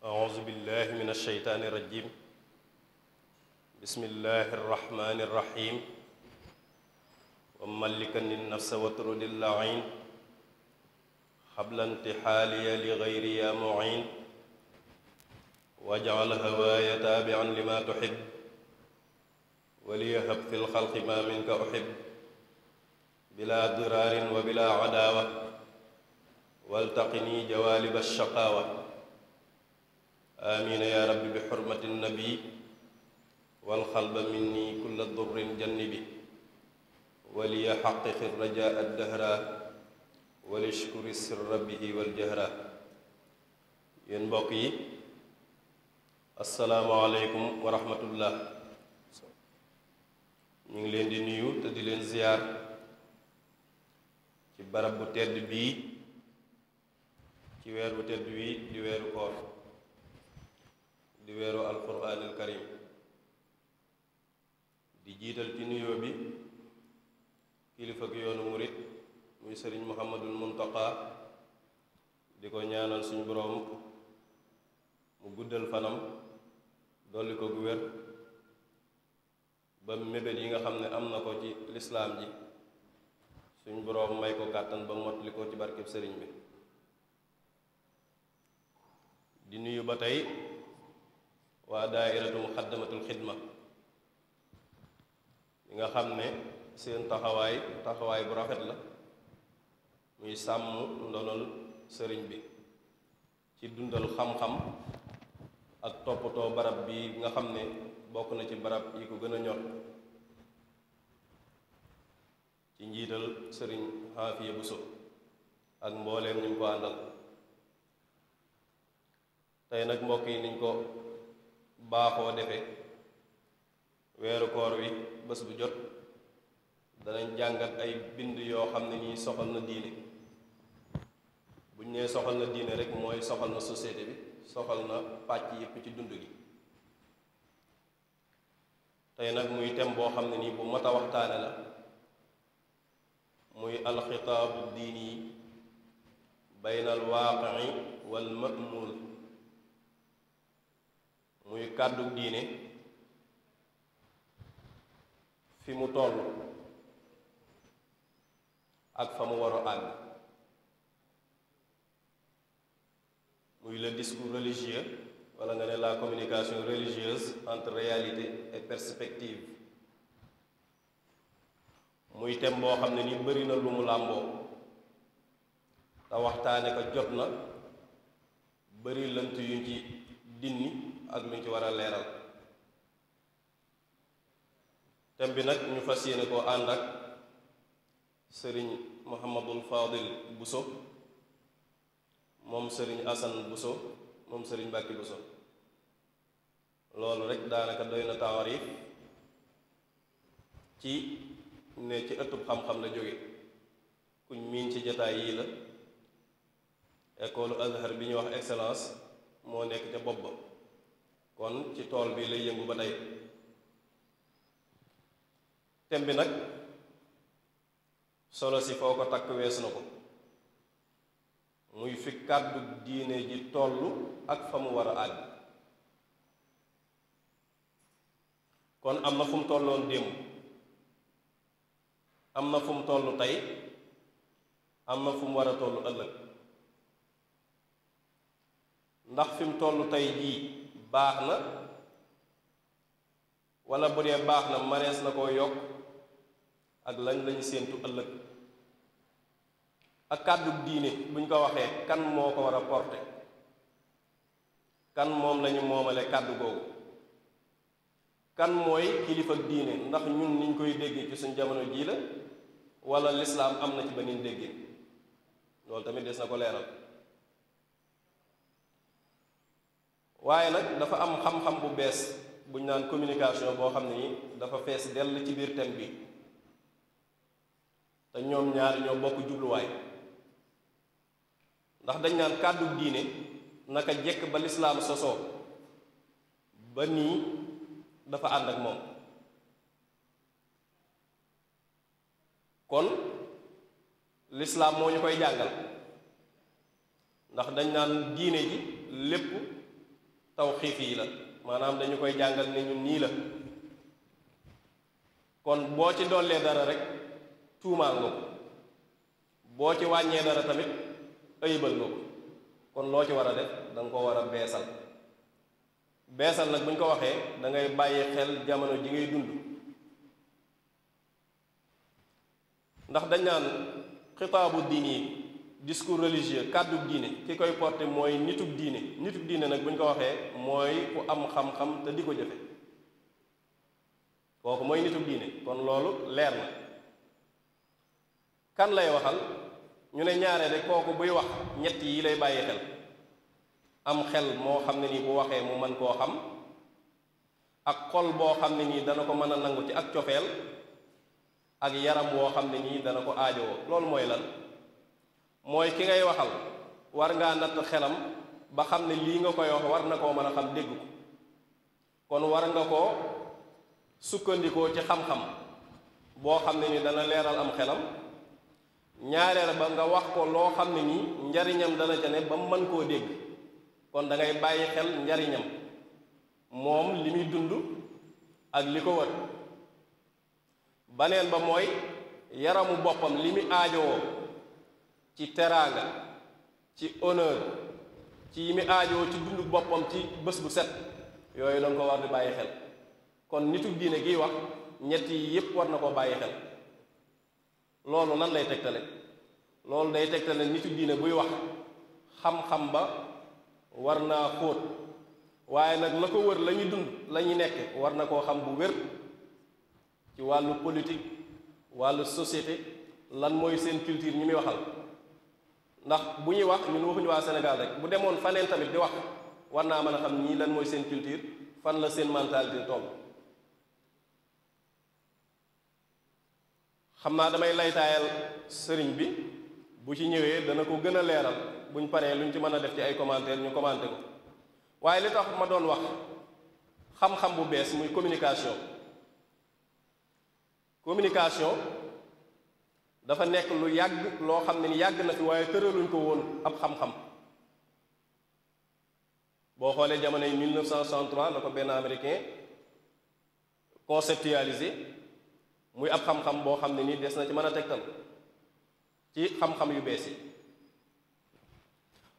أعوذ بالله من الشيطان الرجيم بسم الله الرحمن الرحيم وملكني النفس وطرد اللعين قبل انتحالي لغيري يا معين واجعل هواي تابعا لما تحب وليهب في الخلق ما منك أحب بلا ضرار وبلا عداوة والتقني جوالب الشقاوة آمين يا رب بحرمة النبي والخلب مني كل ضر جنبي وليحقق الرجاء الدهر وليشكر السر به والجهر yéen mbokk yi asalaamaaleykum wa rahmatullah ñu ngi leen di nuyu te di leen ziyaar ci barab bu tedd bii ci weer bu tedd bii di weeru koor di weeru alquranil karim di jiital ci nuyoo bi kilifa gi yoonu murit muy sëriñ muhammadul muntaqa di ko ñaanal suñu boroom mu guddal fanam dolli ko gu ba mébét yi nga xam ne am na ko ci lislaam ji suñu boroom may ko kàttan ba mottali ko ci barkeb sëriñ bi di nuyu ba tey waa daairatu muxaddamatul xidma ñi nga xam ne seen taxawaay taxawaay bu rafet la muy sàmm ndonol sëriñ bi ci dundal xam-xam ak toppatoo barab bi nga xam ne bokk na ci barab yi ko gën a ñor ci njiital sëriñ Xaafiya Buso ak mbooleem ñu ko àndal tey nag mbokk yi niñ ko baaxoo defee weeru koor wi bés bu jot danañ jàngat ay bind yoo xam ne ñuy soxal na diine buñ nee soxal na diine rek mooy soxal na société bi soxal na pàcc yépp ci dund gi tey nag muy thème boo xam ne nii bu mat a waxtaane la muy alxitaabu diini bayna alwaaqi wal ma'muul muy kàddu diine fi mu toll ak fa mu waru a àgg muy le discours religieux wala nga ne la communication religieuse entre réalité et perspective muy thème boo xam ne ni bëri na lu mu làmboo te waxtaane ko jot na bëri lënt yu ci dinni ak luñ ci war a leeral thème bi nag ñu fas yéene koo ànd ak sëriñ Mouhamadul Fadil Bousso moom sëriñ Assane buso moom sëriñ Mbàkke buso loolu rekk daanaka doy na tawarif ci ne ci ëttub xam-xam la jóge kuñ miin ci jataay yii la école Azhar bi ñuy wax excellence moo nekk ca bopp ba kon ci tool bii lay yëngu ba tey tem bi nag solo si foo ko takk weesu na ko muy fi kàddu diine ji tollu ak fa mu war a àgg kon am na fu mu tolloon démb am na fu mu tollu tey am na fu war a tollu ëllëg ndax fi mu tollu tey jii baax na wala bu dee baax na manees na koo yokk ak lañ lañu séentu ëllëg ak kàddu diine buñ ko waxee kan moo ko war a porté kan moom lañu moomale kàddu googu kan mooy kilifa diine ndax ñun niñ koy déggee ci suñ jamono jii la walla lislaam am na ci ba niñ déggee loolu tamit des na ko leeral waaye nag dafa am xam-xam bu bees buñ naan communication boo xam ne ni dafa fees dell ci biir thème bi te ñoom ñaar ñoo bokk jubluwaay ndax dañ naan kàddu diine naka jekk ba lislaam sosoo ba nii dafa ànd ak moom kon lislaam moo ñu koy jàngal ndax dañ naan diine ji lépp xiif yi la maanaam dañu koy jàngal ne ñun nii la kon boo ci dollee dara rek tuumaal nga ko boo ci wàññee dara tamit ayibal nga ko kon loo ci war a def danga nga ko war a beesal beesal nag bu ñu ko waxee dangay ngay bàyyi xel jamono ji ngay dund ndax dañ naan xitaabu diin yi discours religieux kàddu diine ki koy porté mooy nitug diine nitug diine nag bu ñu ko waxee mooy ku am xam-xam te di ko jëfe kooku mooy nitug diine kon loolu leer na kan lay waxal ñu ne ñaare de kooku buy wax ñett yi lay bàyyi xel am xel moo xam ne nii bu waxee mu mën koo xam ak xol boo xam ne nii dana ko mën a nangu ci ak cofeel ak yaram woo xam ne nii dana ko aajowoo loolu mooy lan mooy ki ngay waxal war ngaa natt xelam ba xam ne lii nga koy wax war na koo mën a xam dégg ko kon war nga koo sukkandikoo ci xam-xam boo xam ne ni dana leeral am xelam ñaareel ba nga wax ko loo xam ne nii njariñam dana ca ne ba mën koo dégg kon dangay bàyyi xel njariñam moom li muy dund ak li ko wër baneen ba mooy yaramu boppam li muy aajo aajowoo ci teraanga ci honneur ci yi mu aajoo ci dundu boppam ci bés bu set yooyu lañ ko war di bàyyi xel kon nitu diine giy wax ñett yi yépp war na koo bàyyi xel loolu lan lay tegtale loolu day tegtale nitu diine buy wax xam-xam ba war naa xóot waaye nag la ko wër la dund lañuy nekk war na koo xam bu wér ci wàllu politique wàllu société lan mooy seen culture ñi muy waxal ndax bu ñuy wax ñun waxuñu waa Sénégal rek bu demoon faneen tamit di wax war naa mën a xam ñii lan mooy seen culture fan la seen mentalité toll xam naa damay laytaayal sëriñ bi bu ci ñëwee dana ko gën a leeral buñ paree luñ ci mën a def ci ay commentaire ñu commenté ko waaye li tax ma doon wax xam-xam bu bees muy communication communication dafa nekk lu yàgg loo xam ne ni yàgg na fi waaye tëraluñ ko woon ab xam-xam boo xoolee jamono yi 1963 la ko benn américain conceptualisé muy ab xam-xam boo xam ne nii des na ci mën a tegtal ci xam-xam yu bees yi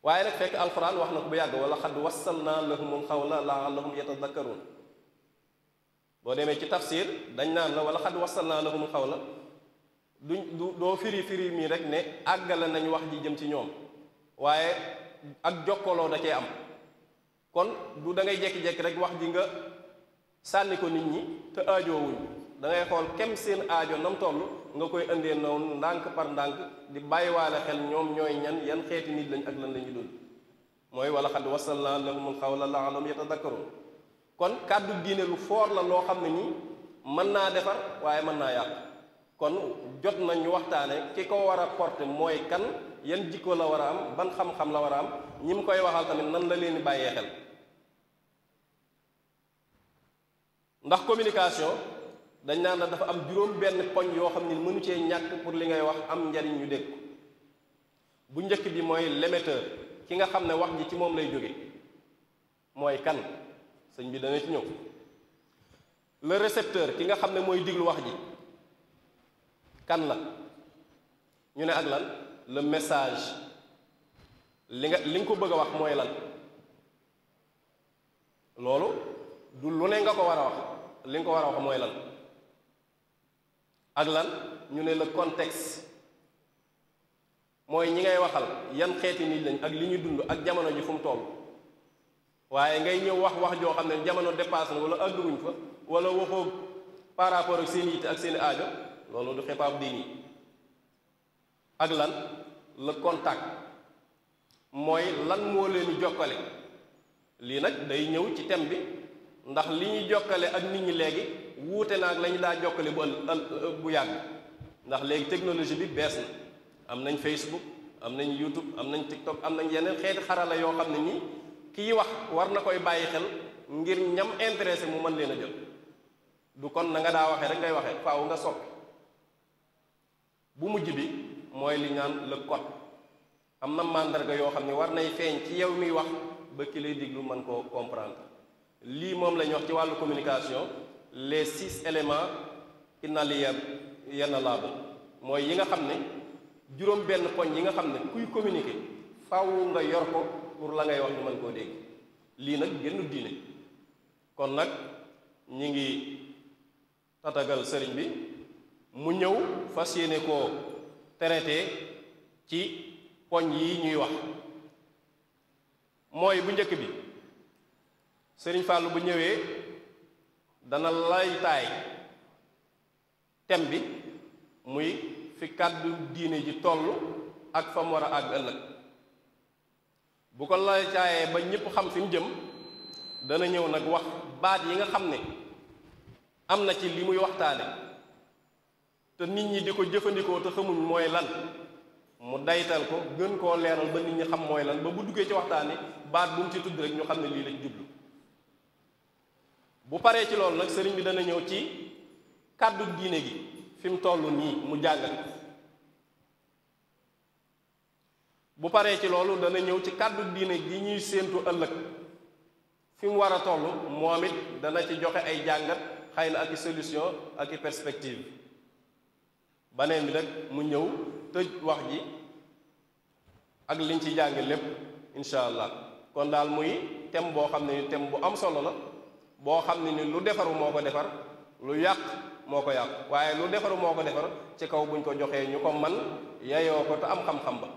waaye nag fekk alxuraan wax na ko bu yàgg wala xad wassalnaa lahumul qawla la'allahum yatadakkaruun boo demee ci tafsir dañ naan la wala xad wassalnaa lahumul qawla duñ du doo firi firi mii rek ne àggale nañu wax ji jëm ci ñoom waaye ak jokkaloo da cee am kon du da ngay jekki-jekki rek wax ji nga sànni ko nit ñi te aajoowuñ dangay xool kem seen aajo nam toll nga koy indee noonu ndànk par ndànk di bàyyiwaale xel ñoom ñooy ñan yan xeeti nit lañ ak lan lañu dund mooy xam wala xad wasalna lahumul xawla la'allahum yatadakkarun kon kàddu diine lu foor la loo xam ne nii mën naa defar waaye mën naa yàq kon jot na ñu waxtaane ki ko war a mooy kan yan jikko la war a am ban xam-xam la war a am ñi mu koy waxal tamit nan la leen di bàyyee xel ndax communication dañ naan la dafa am juróom benn poñ yoo xam ne mënu cee ñàkk pour li ngay wax am njariñ yu dégg bu njëkk bi mooy l'émetteur ki nga xam ne wax ji ci moom lay jóge mooy kan sëñ bi dana ci ñëw le récepteur ki nga xam ne mooy diglu wax ji kan la ñu ne ak lan le message li nga li nga ko bëgg a wax mooy lan loolu du lu ne nga ko war a wax li nga ko war a wax mooy lan ak lan ñu ne la contexte mooy ñi ngay waxal yan xeeti nit lañ ak li ñuy dund ak jamono ji fu mu toll waaye ngay ñëw wax wax joo xam ne jamono dépassé na wala àgguwuñ fa wala waxoo par rapport ak seen yitte ak seen aajo loolu du xibaab diini ak lan la contact mooy lan moo leen jokkale lii nag day ñëw ci thème bi ndax li ñuy jokkale ak nit ñi léegi wuute na ak la daa jokkale bu ël bu yàgg ndax léegi technologie bi bees na am nañ Facebook am nañ YouTube am nañ TikTok am nañ yeneen xeeti xarala yoo xam ne nii kii wax war na koy bàyyi xel ngir ñam intéressé mu mën leen a jël du kon na nga daa waxe rek ngay waxee faaw nga sol bu mujj bi mooy li ñaan le code am na màndarga yoo xam ne war nay feeñ ci yow miy wax ba ki lay diglu mën koo comprendre lii moom la wax ci wàllu communication les six éléments inaliénables mooy yi nga xam ne juróom benn poñ yi nga xam ne kuy communique faw nga yor ko pour la ngay wax ñu mën koo dégg lii nag génn diine kon nag ñi ngi tatagal sëriñ bi mu ñëw fas yéene koo traité ci poñ yi ñuy wax mooy bu njëkk bi sëriñ Fàllu bu ñëwee dana lay taay bi muy fi kàddu diine ji toll ak fa mu war a àgg ëllëg bu ko lay taayee ba ñëpp xam fi mu jëm dana ñëw nag wax baat yi nga xam ne am na ci li muy waxtaane te nit ñi di ko jëfandikoo te xamuñ mooy lan mu daytal ko gën koo leeral ba nit ñi xam mooy lan ba bu duggee ci waxtaan yi baat bu mu ci tudd rek ñu xam ne lii lañ jublu bu paree ci loolu nag sëriñ bi dana ñëw ci kàddu diine gi fi mu toll nii mu jàngal bu paree ci loolu dana ñëw ci kàddu diine gi ñuy séentu ëllëg fi mu war a toll moom it dana ci joxe ay jàngat xëy na ak i solution ak i perspective baneen bi nag mu ñëw tëj wax ji ak liñ ci jàng lépp incha allah kon daal muy thème boo xam ne ni thème bu am solo la boo xam ne ni lu defaru moo ko defar lu yàq moo ko yàq waaye lu defaru moo ko defar ci kaw buñ ko joxee ñu ko man yeyoo ko te am xam ba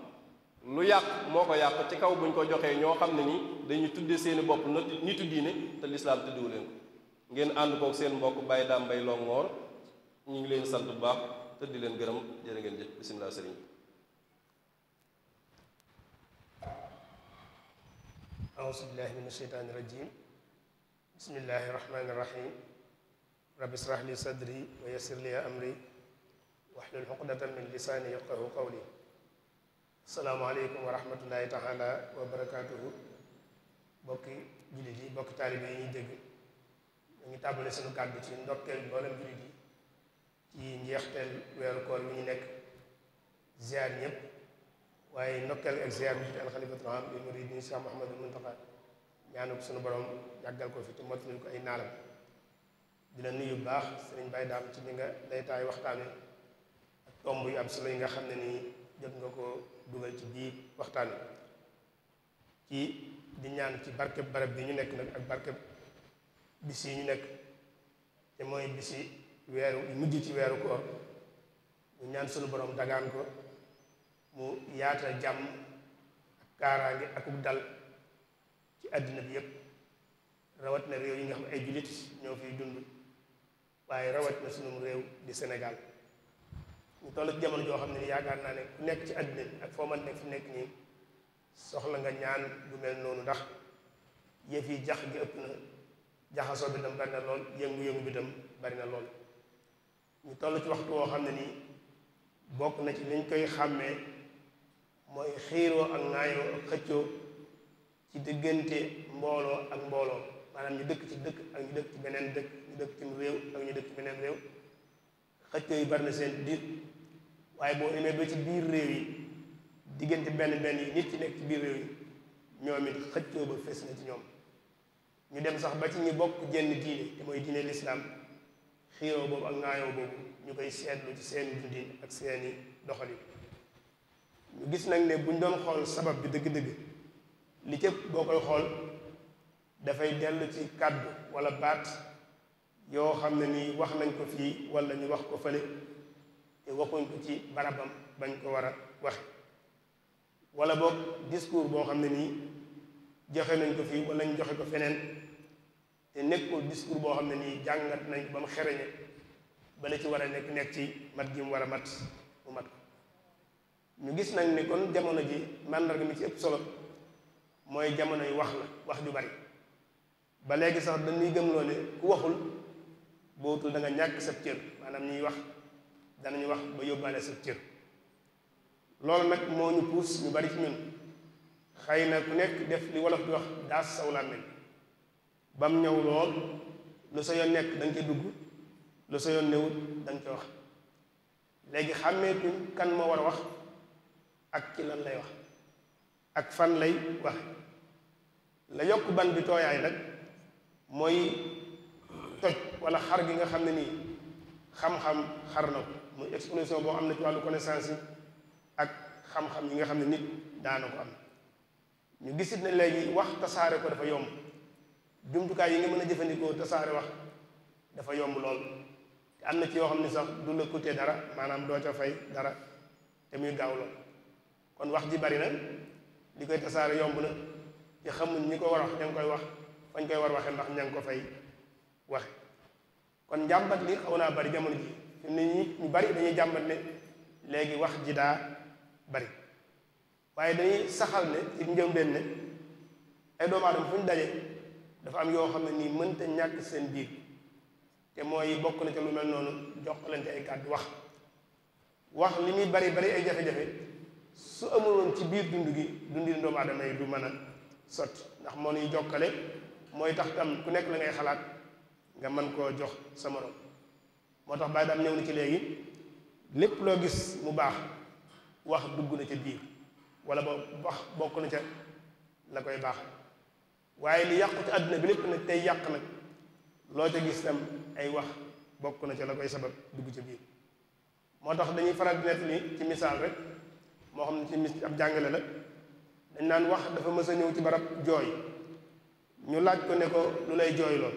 lu yàq moo ko yàq ci kaw buñ ko joxee ñoo xam ne ni dañuy tuddee seeni bopp na nitu diine te lislaam tuddiwu leen ko ngeen ànd kook seen mbokk Baye Dame Mbaye Longhor ñu ngi leen sant bu baax te di leen gërëm jërë ngeen jëf bisimilah sëriñ auzu billahi min asheytaani rajim bismillahi rahmaani rahim rabbi israh li sadri wa yassir li amri wahlul uqdatan min lisaani yafqahu qawli asalaamaaleykum wa rahmatullahi taala wa barakaatuhu bokki jullit yi bokki taalibe yi ñuy dégg ñu ngi tàmbale suñu kàddu ci ndokkeel mboolem jullit yi ci njeexteel weeru koor mi ñu nekk ziar ñëpp waaye ndokkeel ak ziar bi al xalifatul am li murid ni Cheikh Mouhamadou ñaanu ko sunu boroom jàggal ko fi te mottali ko ay naalam di la nuyu bu baax sëriñ Baye Daam ci li nga waxtaan wi ak am solo yi nga xam ne ni jot nga ko dugal ci biir waxtaan wi ci di ñaan ci barkeb barab bi ñu nekk nag ak barkeb bis yi ñu nekk te mooy bisi weeru mujj ci weeru koor mu ñaan sunu borom dagaan ko mu yaata jàmm ak kaaraange akuk dal ci àddina bi yépp rawat na réew yi nga xam ay jullit ñoo fi dund waaye rawat na sunu réew di Sénégal ñu toll ci jamono joo xam ne yaakaar naa ne ku nekk ci àddina bi ak foo mën nekk fi nekk nii soxla nga ñaan bu mel noonu ndax yëf yi jax gi ëpp na jaxasoo bi tam bari na lool yëngu-yëngu bi tam bari na lool ñu toll ci waxtu woo xam ne nii bokk na ci liñ koy xàmmee mooy xiiroo ak ŋaayoo xëccoo ci diggante mbooloo ak mbooloo maanaam ñu dëkk ci dëkk ak ñu dëkk ci beneen dëkk ñu dëkk ci réew ak ñu dëkk ci beneen réew xëccoo yi bari na seen biir waaye boo demee ba ci biir réew yi diggante benn benn yi nit ci nekk ci biir réew yi ñoomit it xëccoo ba fes na ci ñoom ñu dem sax ba ci ñu bokk jenn diine te mooy diine lislaam xiyoo boobu ak ŋaayoo boobu ñu koy seetlu ci seen dundin ak seeni doxalin ñu gis nag ne buñ doon xool sabab bi dëgg-dëgg li cëpp boo koy xool dafay dellu ci kàddu walla baat yoo xam ne nii wax nañ ko fii walla ñu wax ko fële te waxuñ ko ci barabam bañ ko war a waxe walla boog discours boo xam ne nii joxe nañ ko fii walla ñu joxe ko feneen te nekkul discours boo xam ne nii jàngat nañ ba mu xereñe bala ci war a nekk nekk ci mat gi mu war a mat mu mat ko ñu gis nag ni kon jamono ji màndarga mi ci ëpp solo mooy jamono yi wax la wax ju bari ba léegi sax dañuy gëm loole ku waxul bootul da ñàkk sab cër maanaam ñuy wax danañu wax ba yóbbaale sab cër loolu nag moo ñu puus ñu bari ci ñun xëy na ku nekk def li wolof di wax daas saw làmmiñ ba mu ñëw lool lu sa yoon nekk da nga dugg lu sa yoon newut da nga koy wax léegi xàmmeetuñ kan moo war a wax ak ci lan lay wax ak fan lay wax la yokk ban bi tooyaay nag mooy toj wala xar gi nga xam ne nii xam-xam xar na ko muy explosion boo am na ci wàllu connaissance yi ak xam-xam yi nga xam ne nit daana ko am ñu gisit ne léegi wax tasaare ko dafa yomb jumtukaay yi nga mën a jëfandikoo tasaare wax dafa yomb lool te am na ci yoo xam ne sax du la coûter dara maanaam doo ca fay dara te muy gaaw lool kon wax ji bari na li koy tasaare yomb na te xamuñ ñi ko war a wax ngi koy wax fañ koy war waxe ndax ña ngi ko fay kon njàmbat li xaw naa bari jamono ji fi mu ñu bari dañuy jàmbat ne léegi wax ji daa bari waaye dañuy saxal ne ci njëlbeen ne ay doomu aadama fu ñu daje dafa am yoo xam ne nii mënta ñàkk seen biir te mooy bokk na ca lu mel noonu jokkalante ay kàddu wax wax li muy bari bari ay jafe-jafe su amuloon ci biir dund gi dundin doomu aadama yi du mën a sotti ndax moo nuy jokkale mooy tax tam ku nekk la ngay xalaat nga mën koo jox sa morom moo tax bàyyi daam ñëw na ci léegi lépp loo gis mu baax wax dugg na ca biir wala ba wax bokk na ca la koy baax waaye li yàqu ci àddina bi lépp nag tey yàq nag loo ca gis tam ay wax bokk na ca la koy sabab dugg ci biir moo tax dañuy faral di nettali ci misaal rek moo xam ne ci mis ab jàngale la dañ naan wax dafa mës ñëw ci barab jooy ñu laaj ko ne ko lu lay jooy lool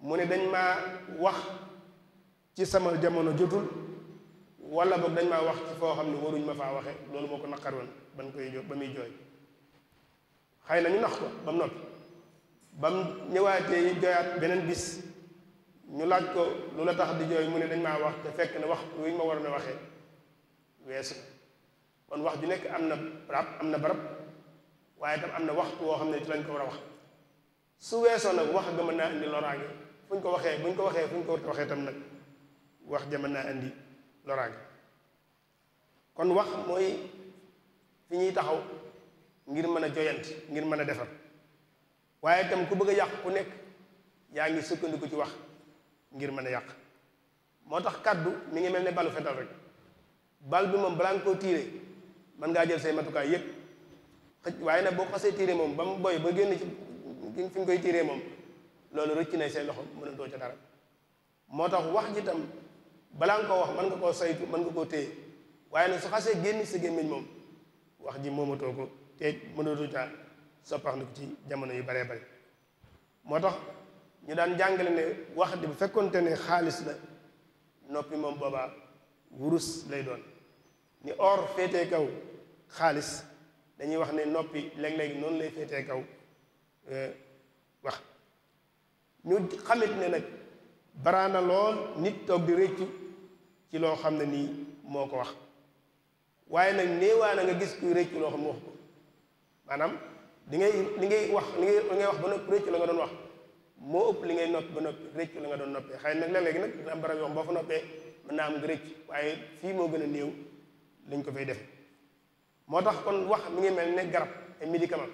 mu ne dañ maa wax ci sama jamono jotul wala boog dañ maa wax ci foo xam ne waruñ ma faa waxe loolu moo ko naqar woon ban koy jo ba muy jooy xay nañu ñu nax ko ba mu noppi ba mu ñëwaatee jooyaat beneen bis ñu laaj ko lu la tax di jooy mu ne dañ maa wax te fekk ne wax wi ñu ma war a waxee weesu kon wax ju nekk am na barab am na barab waaye tam am na waxtu woo xam ne ci lañ ko war a wax su weesoo nag wax ga mën naa indi loraange fu ñu ko waxee bu ñu ko waxee fu ñu ko waxee tam nag wax ja naa indi loraange kon wax mooy fi ñuy taxaw ngir mën a joyant ngir mën a defar waaye itam ku bëgg a yàq ku nekk yaa ngi sukkandiku ci wax ngir mën a yàq moo tax kàddu mi ngi mel ne balu fetal rek bal bi moom balaa nga koo tiire mën ngaa jël say matukaay yëpp xëj waaye nag boo xasee tiire moom ba mu boy ba génn ci fi nga koy tiiree moom loolu rëcc na say loxo mënatoo ca dara moo tax wax ji tam balaa nga koo wax mën nga koo saytu mën nga koo téye waaye nag su xasee génn sa gémmiñ moom wax ji moomatoo ko te mënatu caa soppaxndiku ci jamono yu baree bari moo tax ñu daan jàngale ne wax di bu fekkonte ne xaalis la noppi moom boobaa wurus lay doon ni or féetee kaw xaalis dañuy wax ne noppi léeg-léeg noonu lay féetee kaw euh, wax ñu xamit ne nag baraana lool nit toog di réccu ci loo xam ne nii moo ko wax waaye nag néewaa na nga gis kuy réccu loo xam ne wax ko maanaam li ngay li ngay wax li ngay ngay wax ba noppi réccu la nga doon wax moo ëpp li ngay noppi ba noppi réccu la nga doon noppee xëy nag léeg-léegi nag dina am barab yoo xam boo fa noppee am nga waaye fii moo gën a néew lañ ko fay def moo tax kon wax mu ngi mel ne garab ay médicament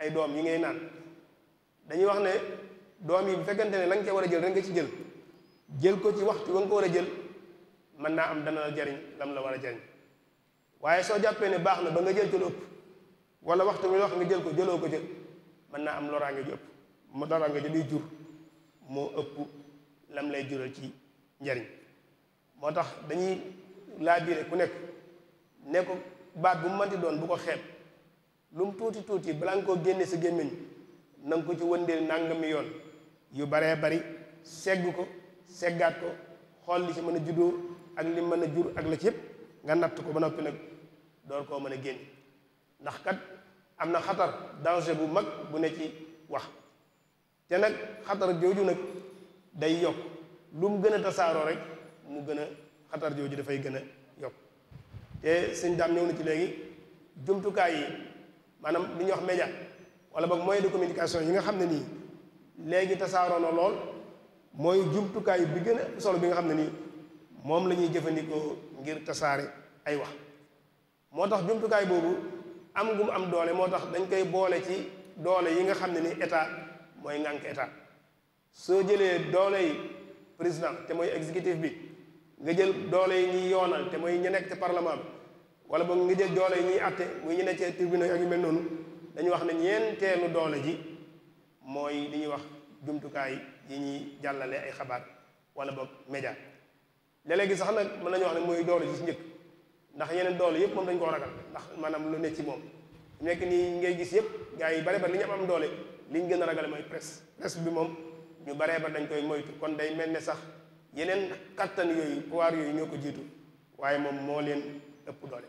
ay doom yi ngay naan dañuy wax ne doom yi bu fekkante ne la nga ca war a jël rek nga ci jël jël ko ci waxtu wa nga ko war a jël mën naa am dana la jariñ lam la war a jariñ waaye soo jàppee ne baax na ba nga jël ci ëpp wala waxtu bi wax nga jël ko jëloo ko jël mën naa am loraange ju ëpp mu loraange ju jur moo ëpp lam lay jural ci njariñ moo tax dañuy laabire ku nekk ne ko baat bu mu mënti doon bu ko xeeb lu mu tuuti tuuti balaa nga koo génne sa gémmiñ nanga ko ci wëndeel mi yoon yu baree bari segg ko seggaat ko xool li ci mën a juddoo ak li mën a jur ak la ci yëpp nga natt ko ba noppi nag door koo mën a génne ndax kat am na xatar danger bu mag bu ne ci wax te nag xatar jooju nag day yokk lu mu gën a tasaaroo rek mu gën a xatar jooju dafay gën a yokk te suñ daam ñëw na ci léegi jumtukaay yi maanaam lu ñuy wax média wala boog moyen de communication yi nga xam ne nii léegi tasaaroo na lool mooy jumtukaay bi gën a solo bi nga xam ne nii moom la ñuy jëfandikoo ngir tasaare ay wax moo tax jumtukaay boobu am gu mu am doole moo tax dañ koy boole ci doole yi nga xam ne ni état mooy ngànk état soo jëlee doole yi président te mooy exécutif bi nga jël doole yi ñuy yoonal te mooy ñu nekk ci parlement bi wala boog nga jël doole yi ñuy àtte muy ñu nekk ci tribunal ak mel noonu dañu wax ne ñeenteelu doole ji mooy li ñuy wax jumtukaay yi ñuy jàllale ay xabaat wala boog média léeg-léegi sax nag mën nañu wax ne mooy doole ji si njëkk ndax yeneen doole yëpp moom dañ koo ragal ndax maanaam lu ne ci moom nekk nii ngay gis yëpp gars yi bare bari li ñu am am doole liñ gën a ragal mooy presse presse bi moom ñu baree bari dañ koy moytu kon day mel ne sax yeneen kattan yooyu pouvoir yooyu ñoo ko jiitu waaye moom moo leen ëpp doole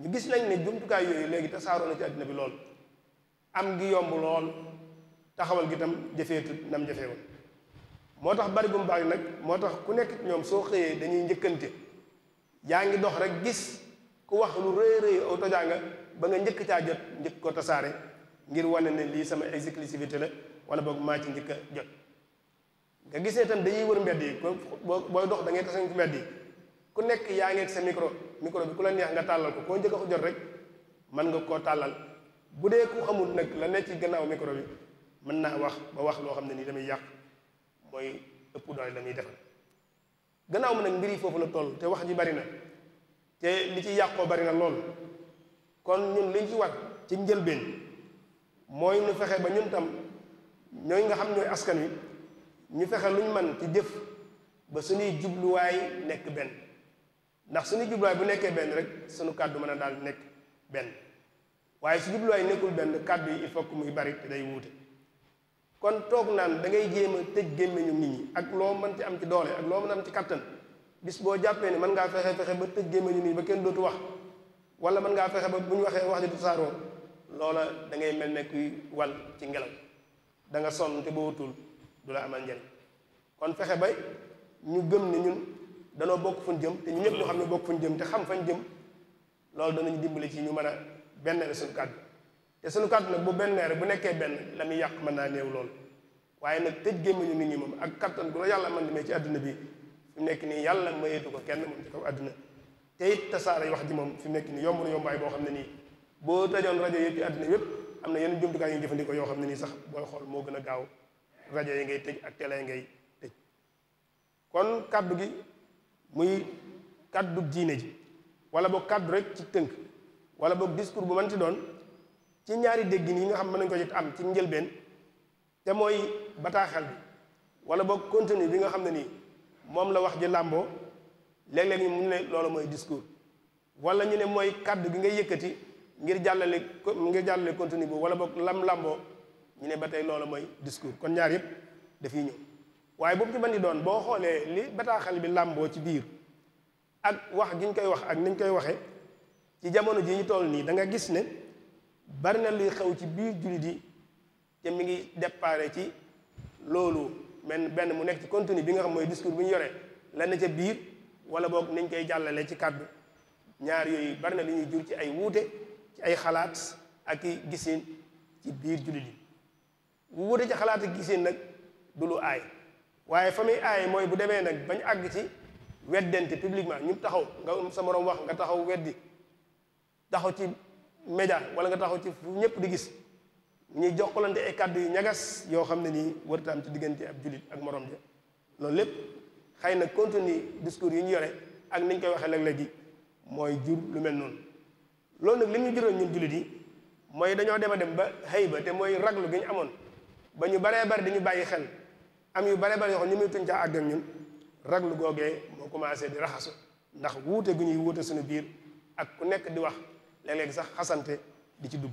ñu gis nañ ne jumtukaay yooyu léegi tasaaroo na ci àddina bi lool am gi yomb lool taxawal gi tam jëfeetut nam jëfee woon moo tax bari bu mu baax nag moo tax ku nekk ñoom soo xëyee dañuy njëkkante yaa ngi dox rek gis ku wax lu rëy rëy aw tojaanga ba nga njëkk caa jot njëkk ko tasaare ngir wane ne lii sama exclusivité la wala boog maa ci njëkk a jot nga gis ne itam dañuy wër mbedd yi booy dox da ngay tase ci mbedd yi ku nekk yaa ngi ak sa micro micro bi ku la neex nga tàllal ko koo njëkk a jot rek mën nga koo tàllal bu dee ku xamul nag la nekk ci gannaaw micro bi mën naa wax ba wax loo xam ne nii damay yàq mooy ëpp doole la muy defal gannaaw mu nag mbir yi foofu la toll te wax ji bari na te li ci yàqoo bari na lool kon ñun liñ ci war ci njëlbeen mooy nu fexe ba ñun tam ñooy nga xam ñooy askan wi ñu fexe luñ man ci jëf ba suñuy jubluwaay nekk benn ndax suñuy jubluwaay bu nekkee benn rek suñu kàddu mën a daal nekk benn waaye su jubluwaay nekkul benn kàddu yi il faut que muy bari te day wuute kon toog naan da ngay jéem a tëj gémmiñu nit ñi ak loo mën ci am ci doole ak loo mën am ci kàttan bis boo jàppee ne mën ngaa fexe fexe ba tëj gémmiñu nit ñi ba kenn dootu wax wala mën ngaa fexe ba bu ñu waxee wax ji du saaroo loola dangay mel ne kuy wal ci ngelaw danga nga sonn te boo wutul du la amal njëriñ kon fexe ba ñu gëm ne ñun danoo bokk fuñ jëm te ñu ñëpp ñu xam ne bokk fuñ jëm te xam fañ jëm loolu danañu dimbali ci ñu mën a benn suñu kàddu te suñu kàddu nag bu benn rek bu nekkee benn la muy yàq mën naa néew lool waaye nag tëj gémmiñu nit ñi moom ak kattan gu la yàlla man demee ci àdduna bi fi mu nekk nii yàlla mayeetu ko kenn moom ci kaw àdduna te it tasaare wax ji moom fi mu nekk nii yomb na yombaay boo xam ne nii boo tëjoon rajo yëpp ci àdduna yëpp am na yenn jumtukaay yi ñu jëfandikoo yoo xam ne nii sax booy xool moo gën a gaaw rajo yi ngay tëj ak tele yi ngay tëj kon gi muy kaddu diine ji wala boog kaddu ci tënk wala boog discours bu mën ci doon ci ñaari dégg yi nga xam mën nañ ko ci am ci njëlbeen te mooy bataaxal bi wala boog contenu bi nga xam ne nii moom la wax ji làmboo léeg-léeg ñu mun ne loolu mooy discours wala ñu ne mooy kàddu gi nga yëkkati ngir jàllale ngir jàllale contenu bi wala boog lam làmboo ñu ne ba tey loolu mooy discours kon ñaar yëpp dafiy ñëw waaye boobu ci ban di doon boo xoolee li bataaxal bi làmboo ci biir ak wax gi ñu koy wax ak ni ñu koy waxee ci jamono ji ñu toll nii da nga gis ne. bari na luy xew ci biir jullit yi te mi ngi déparé ci loolu men benn mu nekk ci contenu bi nga xam mooy discours bu ñu yore la ne ca biir wala boog niñ koy jàllale ci kàddu ñaar yooyu bari na lu ñuy jur ci ay wuute ci ay xalaat ak i ci biir jullit yi wuute ci xalaat ak gisin nag du lu aay waaye fa muy aay mooy bu demee nag bañ àgg ci weddente publiquement ñu taxaw nga sa morom wax nga taxaw weddi taxaw ci média wala nga taxaw ci fu ñëpp di gis ñuy jokkalante ay kàddu yu ñagas yoo xam ne nii warta am ci diggante ab jullit ak morom ja loolu lépp xëy na contenu discours yi ñu yore ak niñ koy waxee léeg-léegi mooy jur lu mel noonu loolu nag li ñu juróon ñun jullit yi mooy dañoo dem a dem ba xëy ba te mooy raglu gi ñu amoon ba ñu baree bari dañu bàyyi xel am yu baree bari yoo xam ñu muy tuncaa àgg ak ñun raglu googee moo commencé di raxasu ndax wuute gu ñuy wuute suñu biir ak ku nekk di wax léeg sax xasante di ci dugg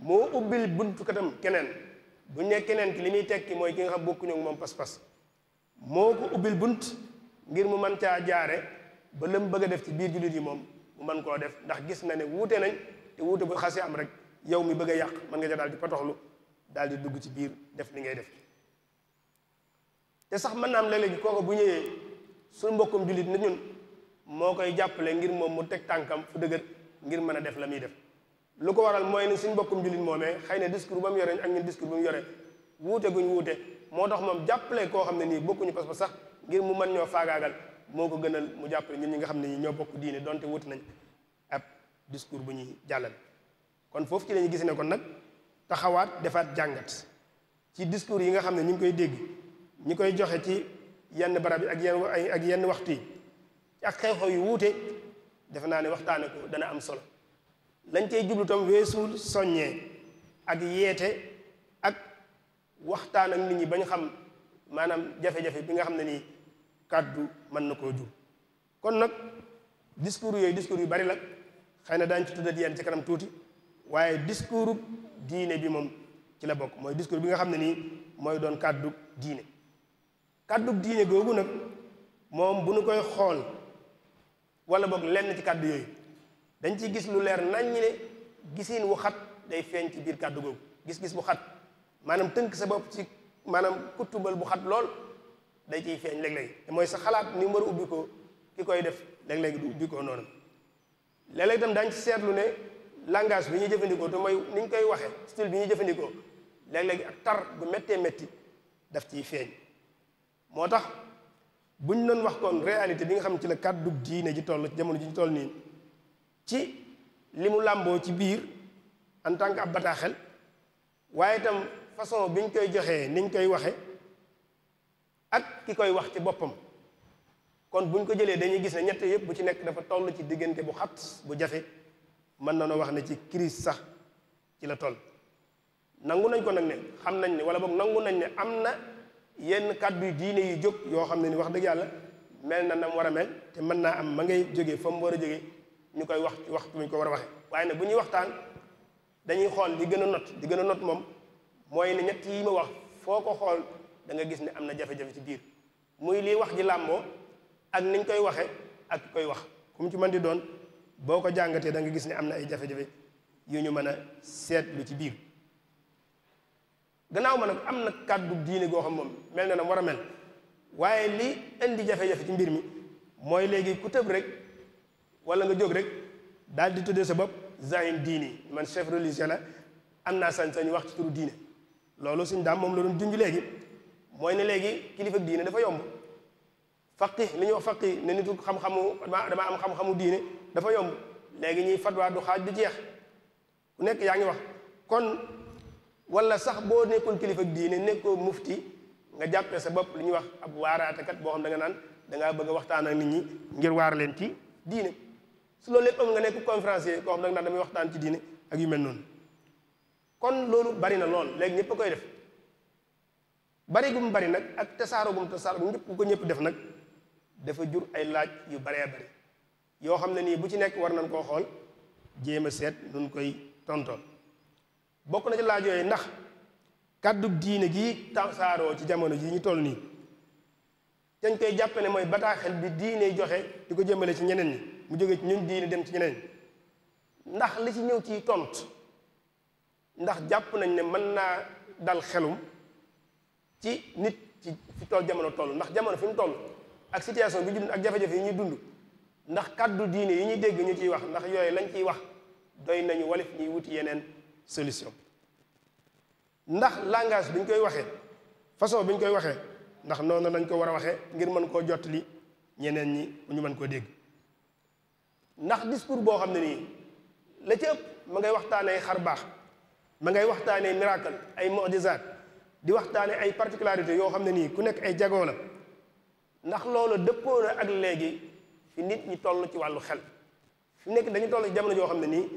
moo ubbil buntu katam keneen bu ñu keneen ki li muy tekki mooy ki nga xam bokkuñu ak moom pas-pas moo ko ubbil bunt ngir mu mën caa jaare ba la mu bëgg a def ci biir jullit yi moom mu mën koo def ndax gis na ne wuute nañ te wuute bu xasee am rek yow mi bëgg a yàq mën nga ca daal di potoxlu daal di dugg ci biir def li ngay def te sax mën naa am léeg-léegi kooku bu ñëwee su mbokkum jullit nit ñun moo koy jàppale ngir moom mu teg tànkam fu ngir mën a def la muy def lu ko waral mooy ne suñ bokkum jullit moomee xëy ne discours ba mu yore ak ñun discours bu mu yore wuute guñ wuute moo tax moom jàppale koo xam ne nii bokkuñu pas-pas sax ngir mu mën ñoo faagaagal moo ko gënal mu jàppale ñun ñi nga xam ne ñi ñoo bokk diine donte wut nañ ab discours bu ñuy jàllal kon foofu ci lañu gis ne kon nag taxawaat defaat jàngat ci discours yi nga xam ne ñu ngi koy dégg ñi koy joxe ci yenn barab yi ak yenn ak yenn waxtu yi ak xew wuute defe naa ne waxtaane ko dana am solo lañ koy jublu tam weesuul soññee ak yeete ak waxtaan ak nit ñi bañ xam maanaam jafe-jafe bi nga xam ne nii kàddu mën na koo jur kon nag discours yooyu discours yu bari la xëy ne daañu ci tuddat yéen ci kanam tuuti waaye discours diine bi moom ci la bokk mooy discours bi nga xam ne nii mooy doon kàddu diine kàddu diine googu nag moom bu nu koy xool wala boog lenn ci kàddu yooyu dañ ci gis lu leer nañ ñi ne gisiin wu xat day feeñ ci biir kàddu googu gis-gis bu xat maanaam tënk sa bopp ci maanaam kutubal bu xat lool day ciy feeñ léeg-léeg te mooy sa xalaat ni mu war a koy def léeg-léeg du ubbi noonu léeg-léeg itam daañu ci seetlu ne langage bi ñuy jëfandikoo te mooy ni ñu koy waxee style bi ñuy jëfandikoo léeg-léeg ak tar bu méttee métti daf ciy feeñ moo tax bu ñu doon wax koon réalité bi nga xam ci la kàddu diine ji toll ci jamono ji ñu toll nii ci li mu làmboo ci biir en tant que ab bataaxel waaye tam façon bi ñu koy joxee ni ñu koy waxe ak ki koy wax ci boppam kon bu ñu ko jëlee dañuy gis ne ñett yëpp bu ci nekk dafa toll ci diggante bu xat bu jafe mën na ne wax ne ci crise sax ci la toll nangu nañ ko nag ne xam nañ ne wala boog nangu nañ ne am na yenn kàddu diine yu jóg yoo xam ne ni wax dëgg yàlla mel na na mu war a mel te mën naa am ma ngay jógee fa mu war a jóge ñu koy wax wax ñu ko war a waxe waaye nag bu ñuy waxtaan dañuy xool di gën a not di gën a not moom mooy ne ñett yi ma wax foo ko xool da nga gis ne am na jafe ci biir muy lii wax ji làmboo ak niñ koy waxe ak koy wax ku ci mën di doon boo ko jàngatee da nga gis ne am na ay jafe-jafe yu ñu mën a seetlu ci biir gannaaw ma nag am na kàddu diine goo xam moom mel na nam war a mel waaye lii indi jafe-jafe ci mbir mi mooy léegi ku tëb rek wala nga jóg rek daal di tuddee sa bopp zaim diini man chef religieux la am naa sañ-sañ wax ci turu diine loolu suñ daam moom la doon junj léegi mooy ne léegi kilifa diine dafa yomb faqi li ñuy wax faqi ne nitu xam-xamu dama am xam-xamu diine dafa yomb léegi ñuy fatwaa du xaaj du jeex ku nekk yaa ngi wax kon wala sax boo nekkoon kilifa diine nekkoo mufti nga jàppee sa bopp lu ñuy wax ab waaraatekat boo xam da nga naan da bëgg a waxtaan ak nit ñi ngir waar leen ci diine su loolu lépp am nga nekk conférencier koo xam da nga naan damay waxtaan ci diine ak yu mel noonu kon loolu bari na lool léegi ñëpp a koy def bari gum bari nag ak tasaaroo gum tasaaroo gum ñëpp ko ñëpp def nag dafa jur ay laaj yu baree bari yoo xam ne nii bu ci nekk war nañ koo xool jéem a seet nun koy tontoon bokk na ci laaj yooyu ndax kàddu diine gi tasaaroo ci jamono ji ñu toll nii dañ koy jàppe ne mooy bataaxel bi diine joxe di ko jëmbale ci ñeneen ñi mu jóge ci ñun diine dem ci ñeneen ndax li ci ñëw ci tont ndax jàpp nañ ne mën naa dal xelum ci nit ci fi toll jamono toll ndax jamono fi mu toll ak situation bi ñu ak jafe-jafe yi ñuy dund ndax kàddu diine yi ñuy dégg ñu ciy wax ndax yooyu lañ ciy wax doy nañu walif ñuy wuti yeneen solution ndax langage bi ñu koy waxee façon bi ñu koy waxee ndax noonu lañ ko war a waxee ngir mën koo jottali ñeneen ñi ñu mën koo dégg ndax discours boo xam ne nii la ci ëpp ma ngay waxtaanee xar baax ma ngay waxtaanee miracle ay mu'jizaat di waxtaanee ay particularités yoo xam ne nii ku nekk ay jagoo la ndax loolu dëppoo ak léegi fi nit ñi toll ci wàllu xel fi nekk dañu toll ci jamono yoo xam ne nii.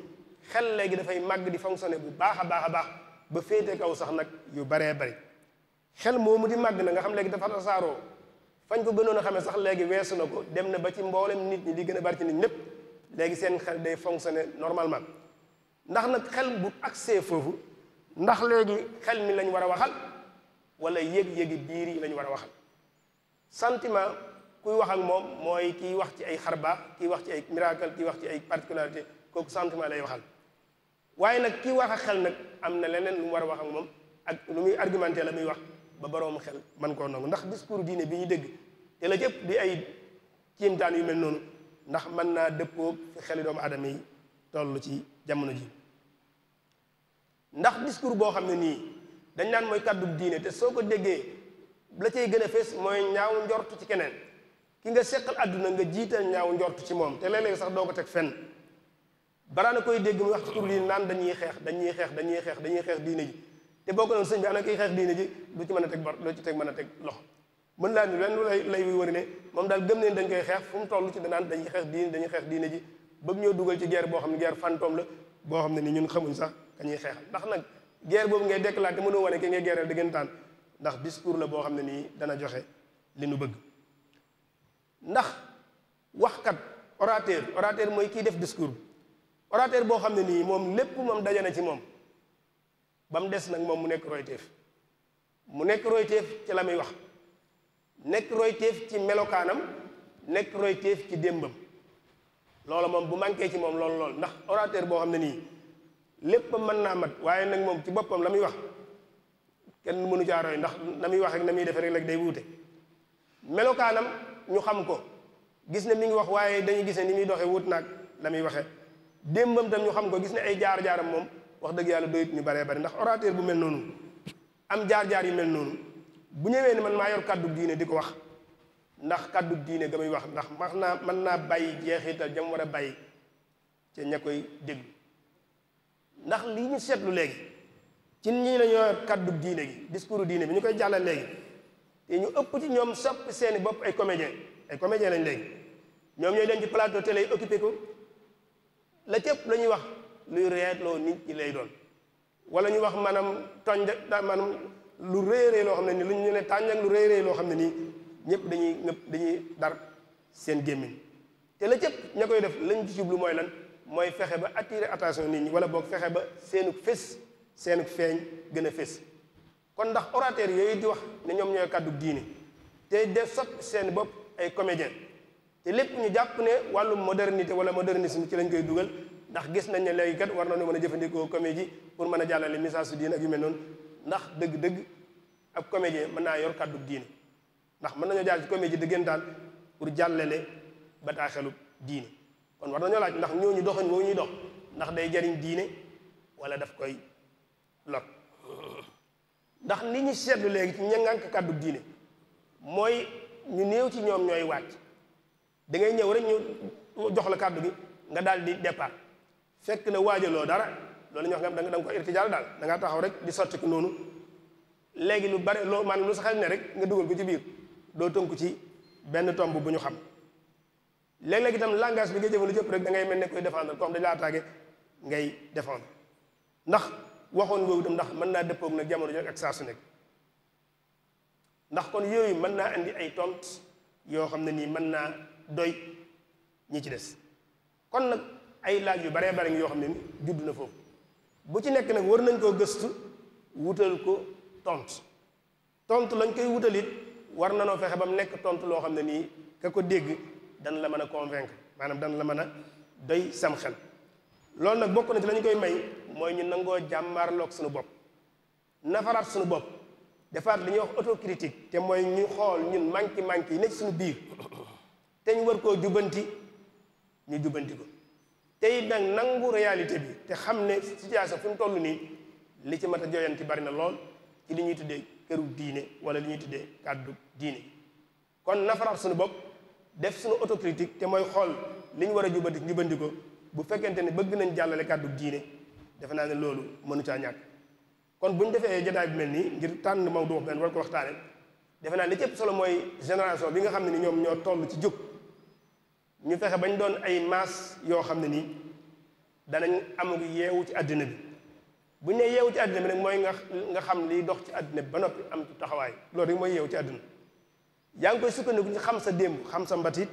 xel léegi dafay màgg di fonctionné bu baax a baax a baax ba féete kaw sax nag yu baree bari xel moomu di màgg na nga xam léegi dafa tasaaroo fañ ko gënoon a xamee sax léegi weesu na ko dem na ba ci mboolem nit ñi di gën a bari ci nit ñëpp léegi seen xel day fonctionné normalement ndax nag xel bu accès foofu ndax léegi xel mi lañ war a waxal wala yéeg-yéegi biir yi lañu war a waxal sentiment kuy wax ak moom mooy kiy wax ci ay xarbaax kiy wax ci ay miracle kiy wax ci ay particularité kooku sentiment lay waxal waaye nag ki wax ak xel nag am na leneen lu mu war a wax ak moom ak lu muy argumenté la muy wax ba boroomu xel man koo nangu ndax discours diine bi ñu dégg te la jëpp di ay kiimtaan yu mel noonu ndax mën naa dëppoo fi xeli doomu aadama yi toll ci jamono ji ndax discours boo xam ne nii dañ naan mooy kàddu diine te soo ko déggee la cee gën a fees mooy ñaaw njort ci keneen ki nga seqal àdduna nga jiital ñaaw njort ci moom te léeg-léeg sax doo ko teg fenn baraana koy dégg mu wax ci tur yi naan dañuy xeex dañuy xeex dañuy xeex dañuy xeex diine ji te boo ko doon sëñ bi ana kiy xeex diine ji du ci mën a teg bar du teg mën a teg loxo mën laa ni lenn lu lay lay wër ne moom daal gëm neen dañ koy xeex fu mu toll ci danaan dañuy xeex diine dañuy xeex diine ji bëgg ñoo dugal ci guerre boo xam ne guerre fantôme la boo xam ne ni ñun xamuñ sax kañuy xeexal ndax nag guerre boobu ngay déclaré te mënoo wane ki ngay guerreel dëggantaan ndax discours la boo xam ne nii dana joxe li nu bëgg waxkat orateur orateur mooy kiy def discours orateur boo xam ne nii moom lépp moom daje na ci moom ba mu des nag moom mu nekk royteef mu nekk royteef ci la muy wax nekk royteef ci melokaanam nekk royteef ci démbam loola moom bu manqué ci moom lool lool ndax orateur boo xam ne nii lépp mën naa mat waaye nag moom ci boppam la muy wax kenn mënu jaarooy ndax na muy wax ak na muy defee rek rek day wuute melokaanam ñu xam ko gis ne mi ngi wax waaye dañuy gis ne ni muy doxee wut naag la muy waxee démbam tam ñu xam ko gis ne ay jaar-jaaram moom wax dëgg yàlla doyut ñu baree bari ndax orateur bu mel noonu am jaar-jaar yi mel noonu bu ñëwee ne man maa yor kàddu diine di ko wax ndax kàddu diine ga muy wax ndax max naa mën naa bàyyi jeexital jam war a bàyyi ca ña koy déglu ndax lii ñu seetlu léegi ci ñi la ñoo yor kàddu diine gi discours diine bi ñu koy jàllal léegi te ñu ëpp ci ñoom soppi seeni bopp ay comédien ay comédien nañ léegi ñoom ñooy dem ci plateau télé yi ko la cëpp la ñuy wax luy reetloo nit ñi lay doon wala ñu wax maanaam tànj maanaam lu réeréy loo xam ne nii lu ñu ne tànj lu réeréy loo xam ne nii ñëpp dañuy ñëpp dañuy dar seen gémmiñ te la cëpp ña koy def lañ ci jublu mooy lan mooy fexe ba attirer attention nit ñi wala boog fexe ba seenu fés seenu feeñ gën a fés kon ndax orateur yooyu di wax ne ñoom ñooy kàddu diine te de sot seen bopp ay comédien te lépp ñu jàpp ne wàllum modernité wala modernisme ci lañ koy dugal ndax gis nañ ne léegi kat war nañu mën a jëfandikoo comédie pour mën a jàllale message su diine ak yu mel noonu ndax dëgg-dëgg ab comédien mën naa yor kàddu diine ndax mën nañoo jàll ci comédie dëggantaan pour jàllale bataaxelu diine kon war nañoo laaj ndax ñooñu doxañ woo ñuy dox ndax day jariñ diine wala daf koy lor ndax ni ñu seetlu léegi ci ña ngànk kàddu diine mooy ñu néew ci ñoom ñooy wàcc da ngay ñëw rek ñu jox la kàddu gi nga daal di départ fekk na loo dara loolu ñoo wax nga da nga ko irtijaal daal da taxaw rek di sotti ko noonu léegi lu bare loo maanaam lu saxal ne rek nga dugal ko ci biir doo tënku ci benn tomb bu ñu xam léeg-léeg itam langage bi ngay jëfandu jëpp rek da ngay mel ne koy défendre comme dañ la attaqué ngay défendre ndax waxoon nga dem ndax mën naa dëppoog nag jamono ji ak saa su nekk ndax kon yooyu mën naa andi ay tont yoo xam ne nii mën naa doy ñi ci des kon nag ay laaj yu baree bare yoo xam ne ni judd na foofu bu ci nekk nag war nañ koo gëstu wutal ko tontu tontu lañ koy wutal war na noo fexe ba mu nekk tontu loo xam ne nii ka ko dégg dana la mën a convaincre maanaam dana la mën a doy sam xel loolu nag bokk na ci lañ koy may mooy ñu nangoo jàmmaarlook suñu bopp nafaraat suñu bopp defaat li ñuy wax autocritique te mooy ñu xool ñun manqué manqué yi nekk suñu biir te ñu war koo jubbanti ñu jubbanti ko te it nag nangu réalité bi te xam ne situation fu mu toll nii li ci mat a ci bari na lool ci li ñuy tuddee këru diine wala li ñuy tuddee kàddu diine kon nafaraat suñu bopp def suñu autocritique te mooy xool li ñu war a jubbanti jubbanti ko bu fekkente ne bëgg nañ jàllale kàddu diine defe naa ne loolu mënu caa ñàkk kon bu ñu defee jotaay bi mel nii ngir tànn Maodo benn war ko waxtaanee defe naa li ci ëpp mooy génération bi nga xam ne ni ñoom ñoo toll ci jóg ñu fexe bañ doon ay maas yoo xam ne nii danañ amug yeewu ci àddina bi bu ñu nee yeewu ci àddina bi nag mooy nga nga xam liy dox ci àddina bi ba noppi am ci taxawaay loolu rek mooy yeewu ci àddina yaa ngi koy sukkandiku ci xam sa démb xam sa mbatiit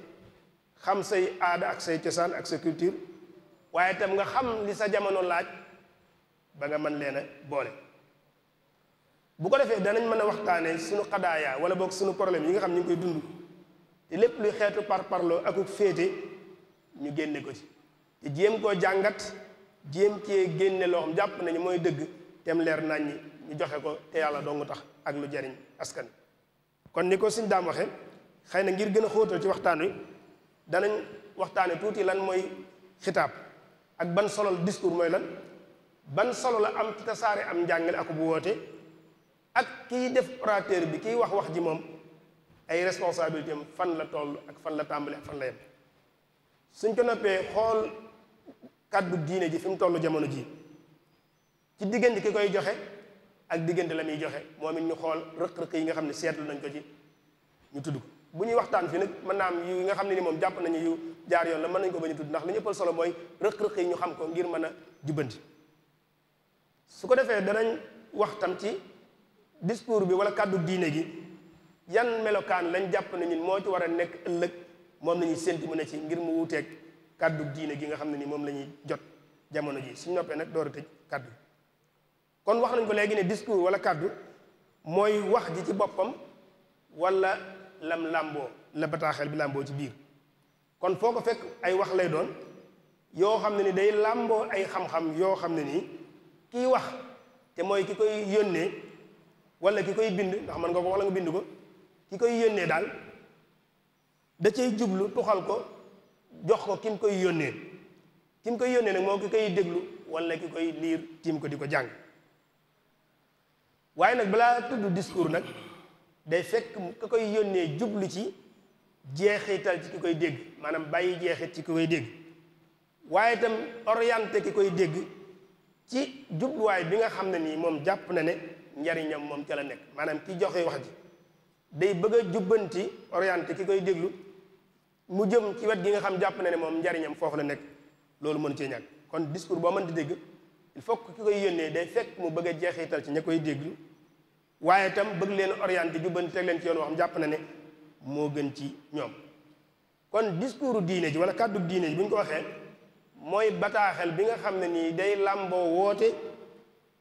xam say aada ak say cosaan ak sa culture waaye tam nga xam li sa jamono laaj ba nga mën leen a boole bu ko defee danañ mën a waxtaanee suñu xadaaya wala boog suñu problème yi nga xam ñu ngi koy dund te lépp luy xeetu par parloo akuk féete ñu génne ko ci te jéem koo jàngat jéem cee génne loo jàpp nañu mooy dëgg tem leer nañ ñu joxe ko te yàlla dong tax ak lu jariñ askan kon ni ko suñ daam waxe xëy na ngir gën a xóotal ci waxtaan wi danañ waxtaane tuuti lan mooy xitaab ak ban solo la discours mooy lan ban solo la am ci tasaare am njàngale ak bu woote ak kiy def orateur bi kiy wax wax ji moom ay responsabilité fan la toll ak fan la tàmbali fan la yem suñ ko noppee xool kàddu diine ji fi mu toll jamono ji ci diggante ki koy joxe ak diggante la muy joxe moom it ñu xool rëq-rëq yi nga xam ne seetlu nañ ko ci ñu tudd ko bu ñuy waxtaan fi nag mën naa am yi nga xam ne ni moom jàpp nañu yu jaar yoon la mën nañu ko bañ a tudd ndax li ñu ëppal solo mooy rëq-rëq yi ñu xam ko ngir mën a jubbanti su ko defee danañ waxtam ci discours bi wala kàddu diine gi yan melokaan lañ jàpp nañu ñun moo ci war a nekk ëllëg moom la ñuy mu ne ci ngir mu wuuteeg kàddu diine gi nga xam ne nii moom lañuy jot jamono ji suñ noppee nag door a tëj kàddu kon wax nañ ko léegi ne discours wala kàddu mooy wax ji ci boppam wala lam làmboo la bataaxel bi làmboo ci biir kon foo ko fekk ay wax lay doon yoo xam ne ni day làmboo ay xam-xam yoo xam ne nii kiy wax te mooy ki koy yónnee wala ki koy bind ndax mën nga ko la nga bind ko ki koy yónnee daal da cay jublu tuxal ko jox ko kim koy yónnee ki mu koy yónnee nag moo ki koy déglu wala ki koy liir tiim ko di ko jàng waaye nag balaa tudd discours nag day fekk ki koy yónnee jublu ci jeexital ci ki koy dégg maanaam bàyyi jeexit ci ki koy dégg waaye tam orienté ki koy dégg ci jubluwaay bi nga xam ne nii moom jàpp na ne njariñam moom ca la nekk maanaam ki joxe wax ji day bëgg a jubbanti orienté ki koy déglu mu jëm ci wet gi nga xam jàpp na ne moom njariñam foofu la nekk loolu mën cee ñàkk kon discours boo mën di dégg il faut que ki koy yónnee day fekk mu bëgg a jeexital ci ña koy déglu waaye tam bëgg leen orienté jubbanti teg leen ci yoon woo xam jàpp na ne moo gën ci ñoom kon discours diine ji wala kàddu diine ji bu ñu ko waxee mooy bataaxel bi nga xam ne nii day làmboo woote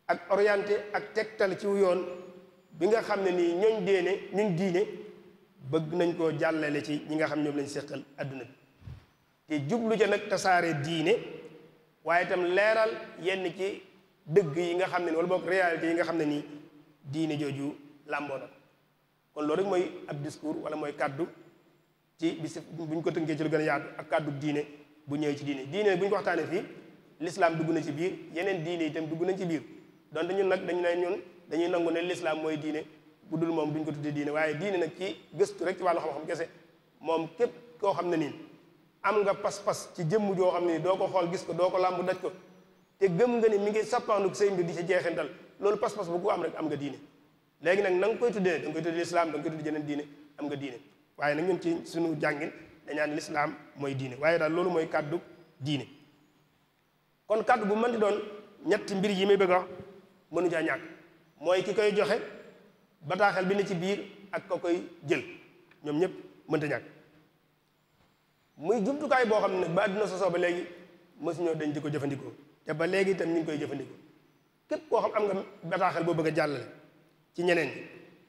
ak orienté ak tegtal ciw yoon bi nga xam ne nii ñooñ déene ñuñ diine bëgg nañ koo jàllale ci ñi nga xam ñoom lañ séqal àdduna bi te jublu ca nag tasaare diine waaye itam leeral yenn ci dëgg yi nga xam ne nii wala réalité yi nga xam ne nii diine jooju làmboo na kon loolu rek mooy ab discours wala mooy kàddu ci bis bu ñu ko tënkee ci lu gën a yaatu ak kàddu diine bu ñëwee ci diine diine bu ñu ko waxtaanee fii lislaam dugg nañ ci biir yeneen diine itam dugg nañ ci biir donte ñu nag dañu ne ñun dañuy nangu ne lislaam mooy diine bu dul moom duñ ko tuddee diine waaye diine nag ci gëstu rek ci wàllu xam-xam kese moom képp koo xam ne nii am nga pas-pas ci jëmm joo xam ne nii doo ko xool gis ko doo ko làmb daj ko te gëm nga ni mi ngi sappaandu say mbir di ci jeexintal loolu pas-pas bu ko am rek am nga diine léegi nag na nga koy tuddee da nga koy tuddee lislaam da nga koy tuddee jeneen diine am nga diine waaye nag ñun ci suñu jàngin dañaan lislaam mooy diine waaye daal loolu mooy kàddu diine kon kàddu bu mën di doon ñetti mbir yi may bëgg a wax mënu caa mooy ki koy joxe bataaxel bi ne ci biir ak ko koy jël ñoom ñëpp mënta ñàkk muy jumtukaay boo xam ne ba àdduna sosoo ba léegi mësuñoo dañ di ko jëfandikoo te ba léegi itam ñu ngi koy jëfandikoo képp koo xam am nga bataaxel boo bëgg a jàllale ci ñeneen ñi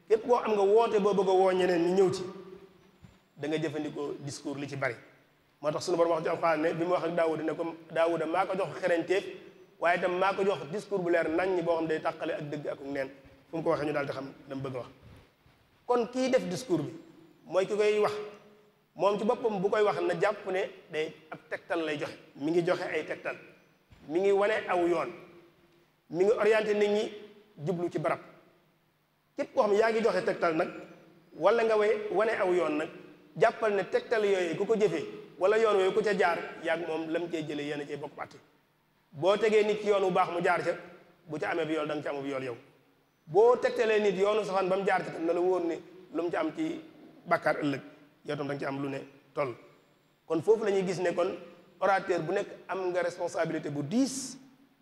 képp koo am nga woote boo bëgg a woo ñeneen ñi ñëw ci da nga jëfandikoo discours li ci bari moo tax sunu borom wax ci alxuraan ne bi mu wax ak Daawuda ne ko Daawuda maa ko jox xereñteef waaye itam maa ko jox discours bu leer nañ ñi boo xam day tàqale ak dëgg ak neen fu mu ko waxee ñu daal xam dama bëgg wax kon kii def discours bi mooy ki koy wax moom ci boppam bu koy wax na jàpp ne day ab tegtal lay joxe mi ngi joxe ay tegtal mi ngi wane aw yoon mi ngi orienté nit ñi jublu ci barab képp koo xam yaa ngi joxe tegtal nag wala nga way wane aw yoon nag jàppal ne tegtal yooyu ku ko jëfee wala yoon wooyu ku ca jaar yaag moom lam cee jëlee yéen a cee bokk boo tegee nit ci yoon bu baax mu jaar ca bu ca amee bi yool da nga ca am bi yool yow boo tegtalee nit yoonu safaan ba mu jaar ca tam na la woon ni lu mu ci am ci bakkaar ëllëg yow tam da ci am lu ne toll kon foofu la ñuy gis ne kon orateur bu nekk am nga responsabilité bu diis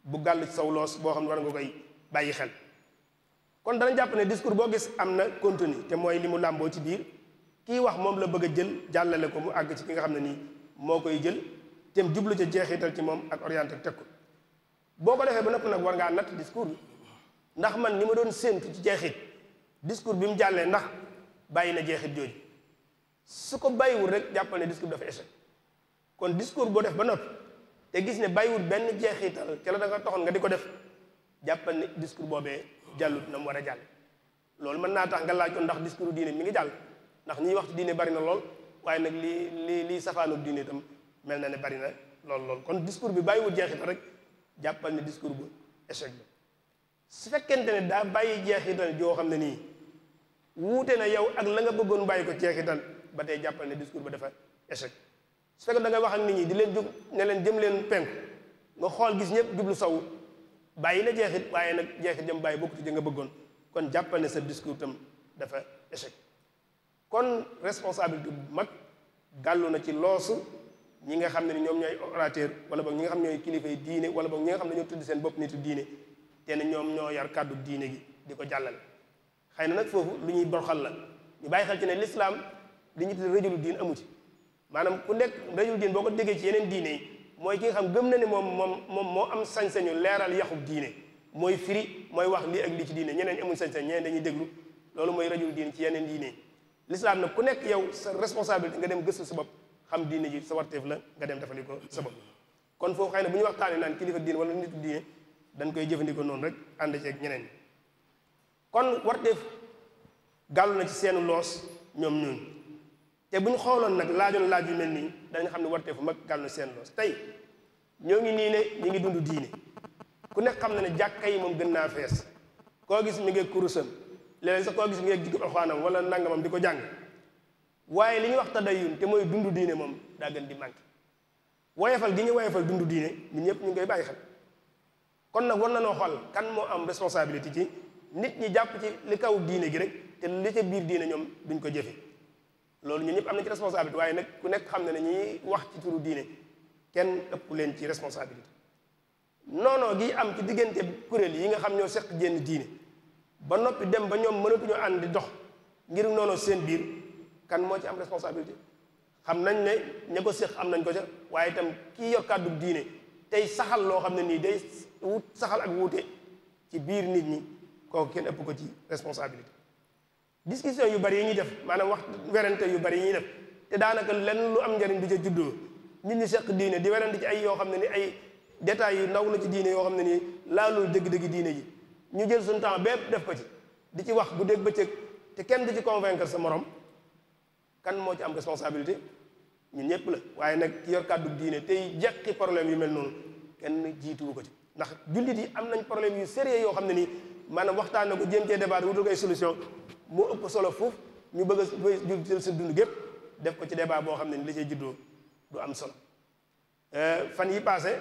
bu gàll ci saw loos boo xam ne war nga koy bàyyi xel kon dana jàpp ne discours boo gis am na contenu te mooy li mu làmboo ci biir kii wax moom la bëgg a jël jàllale ko mu àgg ci ki nga xam ne nii moo koy jël tem jublu ca jeexital ci moom ak orienté teg ko boo ko defee ba nopp nag war ngaa natt discours bi ndax man ni ma doon séentu ci jeexit discours bi mu jàllee ndax bàyyi na jeexit jooju su ko bàyyiwul rek jàppal ne discours bi dafa échec kon discours boo def ba nopp te gis ne bàyyiwul benn jeexital ca la da nga taxoon nga di ko def jàppal ne discours boobee jàllut na mu war a jàll loolu mën naa tax nga laaj kon ndax discours diine mu ngi jàll ndax ñiy wax ci diine bari na lool waaye nag lii lii lii safaanub diine itam mel na ne bari na lool lool kon discours bi bàyyiwul jeexital rek jàppal ne discours bu échec la su fekkente ne daa bàyyi jeexital joo xam ne nii wuute na yow ak la nga bëggoon bàyyi ko jeexital ba tey jàppal ne discours ba dafa échec su fekkee da nga wax ak nit ñi di leen jóg ne leen jëm leen penk nga xool gis ñëpp jublu saw bàyyi na jeexit waaye nag jeexit jëm bàyyi bokkut ci nga bëggoon kon jàppal ne sa discours tam dafa échec kon responsabilité bu mag gàllu na ci loosu ñi nga xam ne ñoom ñooy orateur wala boog ñi nga xam ne ñooy kilifa yi diine wala boog ñi nga xam ne ñoo tudd seen bopp nitu diine te ne ñoom ñoo yar kàddu diine gi di ko jàllale xëy na nag foofu lu ñuy borxal la ñu bàyyi xel ci ne lislaam li ñu tudd rajulu diin amu ci maanaam ku nekk rajulu diin boo ko déggee ci yeneen diine yi mooy ki nga xam gëm na ne moom moom moom moo am sañ-sañu leeral yaxub diine mooy firi mooy wax lii ak lii ci diine ñeneen amuñ sañ-sañ ñeneen dañuy déglu loolu mooy rajulu diin ci yeneen diine lislaam nag ku nekk yow sa responsabilité nga dem gëstu sa bopp xam diine ji sa warteef la nga dem defandikoo ko sa bopp kon foofu xëy ne bu ñu waxtaanee naan kilifa diine wala nitu diine dañ koy jëfandikoo noonu rek ànd ceeg ñeneen kon warteef gàllu na ci seenu loos ñoom ñooñu te bu ñu xooloon nag laajoon laaj yu mel nii danañ xam ne warteefu mag gàllu seen loos tey ñoo ngi nii ne ñu ngi dund diine ku nekk xam na ne jàkk yi moom gën naa fees koo gis mi ngi kurusam léeg-léeg sax koo gis mi ngi jikko alxaanam wala nangamam di ko jàng waaye li ñuy wax tadayun te mooy dundu diine moom daa gën di manqué woyefal gi ñu woyefal dundu diine ñun ñëpp ñu ngi koy bàyyi xel kon nag war na noo xool kan moo am responsabilité ci nit ñi jàpp ci li kaw diine gi rek te li ca biir diine ñoom duñ ko jëfe loolu ñu ñëpp am na ci responsabilité waaye nag ku nekk xam na ne ñuy wax ci turu diine kenn ëpp leen ci responsabilité noonoo gi am ci diggante kuréel yi nga xam ñoo seq jenn diine ba noppi dem ba ñoom mënatuñoo ànd dox ngir noonoo seen biir kan moo ci am responsabilité xam nañ ne ña ko séq am nañ ko ca waaye tam kii yor kàddu diine tey saxal loo xam ne nii day wut saxal ak wuute ci biir nit ñi kooku kenn ëpp ko ci responsabilité discussion yu bari yi ñuy def maanaam wax werante yu bari yi ñuy def te daanaka lenn lu am njariñ du ca juddoo nit ñi seq diine di werante ci ay yoo xam ne ni ay détails yu ndaw la ci diine yoo xam ne nii laalul dëgg-dëgg diine yi ñu jël suñ temps bépp def ko ci di ci wax bu ba bëccëg te kenn du ci convaincre sa morom kan moo ci am responsabilité ñu ñëpp la waaye nag ki yor kàddu diine tey jeqi problème yu mel noonu kenn jiituwu ko ci ndax jullit yi am nañ problème yu sérieux yoo xam ne nii maanaam waxtaan na ko jéem cee débat wutul koy solution moo ëpp solo foofu ñu bëgg a jul jël seen dund gépp def ko ci débat boo xam ne ni li cay juddoo am solo euh, fan yi paase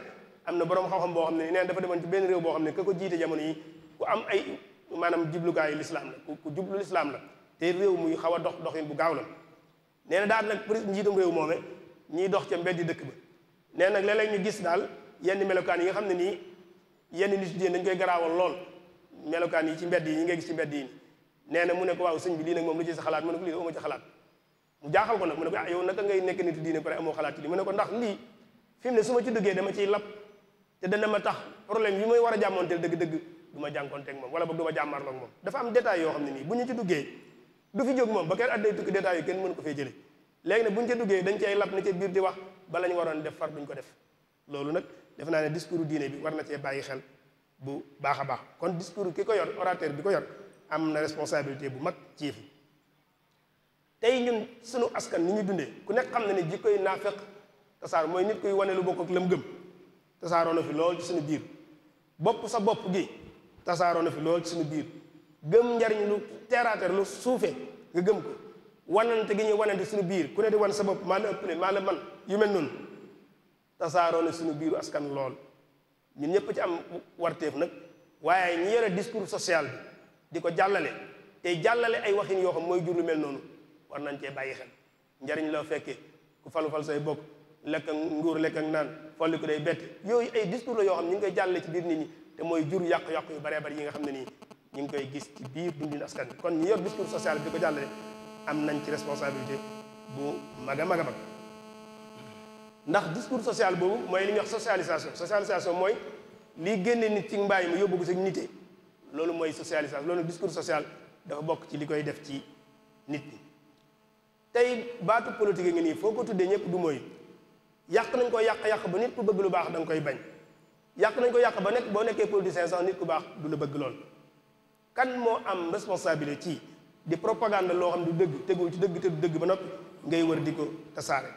am na borom xam boo xam ne neen dafa demoon ci benn réew boo xam ne ka ko jiite jamono yi ku am ay maanaam jublukaayu lislaam la ku jublu lislaam la te réew muy xaw a dox doxin bu gaaw la nee na daal nag prise njiitum réew moome ñiy dox ca mbeddi dëkk ba nee nag léeg ñu gis daal yenn melokaan yi nga xam ne nii yenn nit yi dañ koy garaawal lool melokaan yi ci mbedd yi ñi ngay gis ci mbedd yi nee na mu ne ko waaw sëñ bi lii nag moom lu ci sa xalaat mu ne ko ah, ngay nekk nit diine pare amoo xalaat ci li ne ko ndax lii fi mu ne su ma ci duggee dama ciy lap te dana ma tax problème yi may war a jàmmoonteel dëgg-dëgg du ma jànkoonteeg moom wala boog du ma moom dafa am détail yoo xam ne nii bu ñu ci duggee du fi jóg moom ba kenn at day tukki détails yi kenn mënu ko fee jële léegi nag bu ñu ca duggee dañ cay lab na ca biir di wax bala ñu waroon def far duñ ko def loolu nag def naa ne discours diine bi war na cee bàyyi xel bu baax a baax kon discours ki ko yor orateur bi ko yor am na responsabilité bu mag ciifi tey ñun sunu askan ni ñu dundee ku nekk xam na ne jikkoy naafeq tasaar mooy nit kuy wane lu bokk ak lëm gëm tasaaroo na fi lool ci suñu biir bopp sa bopp gi tasaaroo na fi lool suñu biir gëm njariñ lu teraater lu suufe nga gëm ko wanante gi ñuy wanante suñu biir ku ne di wan sa bopp maa la ëpp ne maa la man yu mel noonu tasaaroo na suñu biir askan lool ñun ñëpp ci am warteef nag waaye ñi yore discours social di ko jàllale tey jàllale ay waxin yoo xam mooy jur lu mel noonu war nañ cee bàyyi xel njariñ la fekkee ku falu fal say bokk lekk ak nguur lekk ak naan folli ko day bett yooyu ay discours la yoo xam ñu ngi koy jàllale ci biir nit ñi te mooy jur yàq yàq yu baree bari yi nga xam ne nii ñu ngi koy gis ci biir dundinu askan bi kon ñu yor discours social bi di ko jàllale am nañ ci responsabilité bu maga maga mag a mag ndax discours social boobu mooy li ñuy wax socialisation socialisation mooy lii génne nit ci mbaay mu yóbbu ko ci nité loolu mooy socialisation loolu discours social dafa bokk ci li koy def ci nit ñi tey baatu politique yi nga nii foo ko tuddee ñëpp du mooy yàq nañ ko yàq yàq ba nit ku bëgg lu baax da nga koy bañ yàq nañ ko yàq ba nekk boo nekkee politicien sax nit ku baax du la bëgg lool kan moo am responsabilité di propagande loo xam du dëgg tegul ci dëgg te du dëgg ba nopp ngay wër di ko tasaare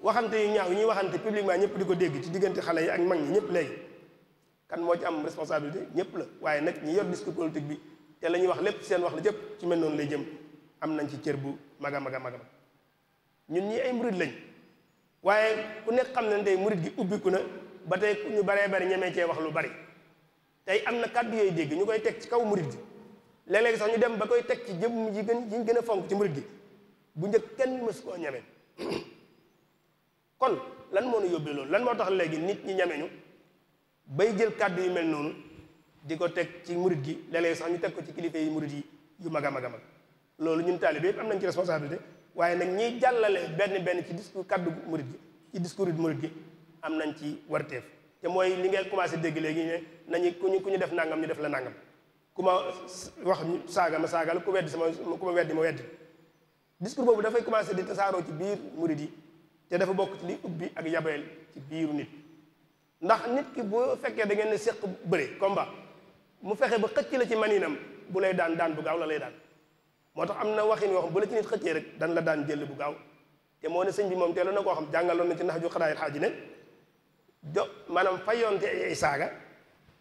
waxante yu ñaaw yi ñuy waxante publiquement ñëpp di ko dégg ci diggante xale yi ak mag ñi ñëpp léegi kan moo ci am responsabilité ñëpp la waaye nag ñi yor discours politique bi te la ñuy wax lépp seen wax la jëpp ci mel noonu lay jëm am nañ ci cër bu mag a mag a mag ñun ñi ay murid lañ waaye ku nekk xam na tey murid gi ubbiku na ba tey ñu baree bari ñemee cee wax lu bari tey am na kàddu yooyu dégg ñu koy teg ci kaw murit gi léeg-léeg sax ñu dem ba koy teg ci jëm yi gën yi gën a fonk ci murit gi bu njëkk kenn mësu koo ñame kon lan moo ne yóbbee loolu lan moo tax léegi nit ñi ñame ñu bay jël kàddu yu mel noonu di ko teg ci murit gi léeg-léeg sax ñu teg ko ci kilifa yi murit yi yu mag a mag a mag loolu ñun taalibe yëpp am nañ ci responsabilité waaye nag ñiy jàllale benn benn ci discours kàddu murit gi ci discours murit gi am nañ ci warteef te mooy li ngay commencé dégg léegi nañu ku ñu ku ñu def nangam ñu def la nangam ku ma wax saaga ma saaga la ku weddi sama ku ma weddi ma weddi discours boobu dafay commencé di tasaaroo ci biir murid yi te dafa bokk ci li ubbi ak yabeel ci biiru nit ndax nit ki bu fekkee da ngeen ne séq bëre combat mu fexe ba xëcc la ci man maninam bu lay daan daan bu gaaw la lay daan moo tax am na waxin yoo xam bu la ci nit xëccee rek dan la daan jël bu gaaw te moo ne sëñ bi moom teeloon na koo xam jàngaloon na ci nax ju xadaayil xaaji jo maanaam fayoonte ay saaga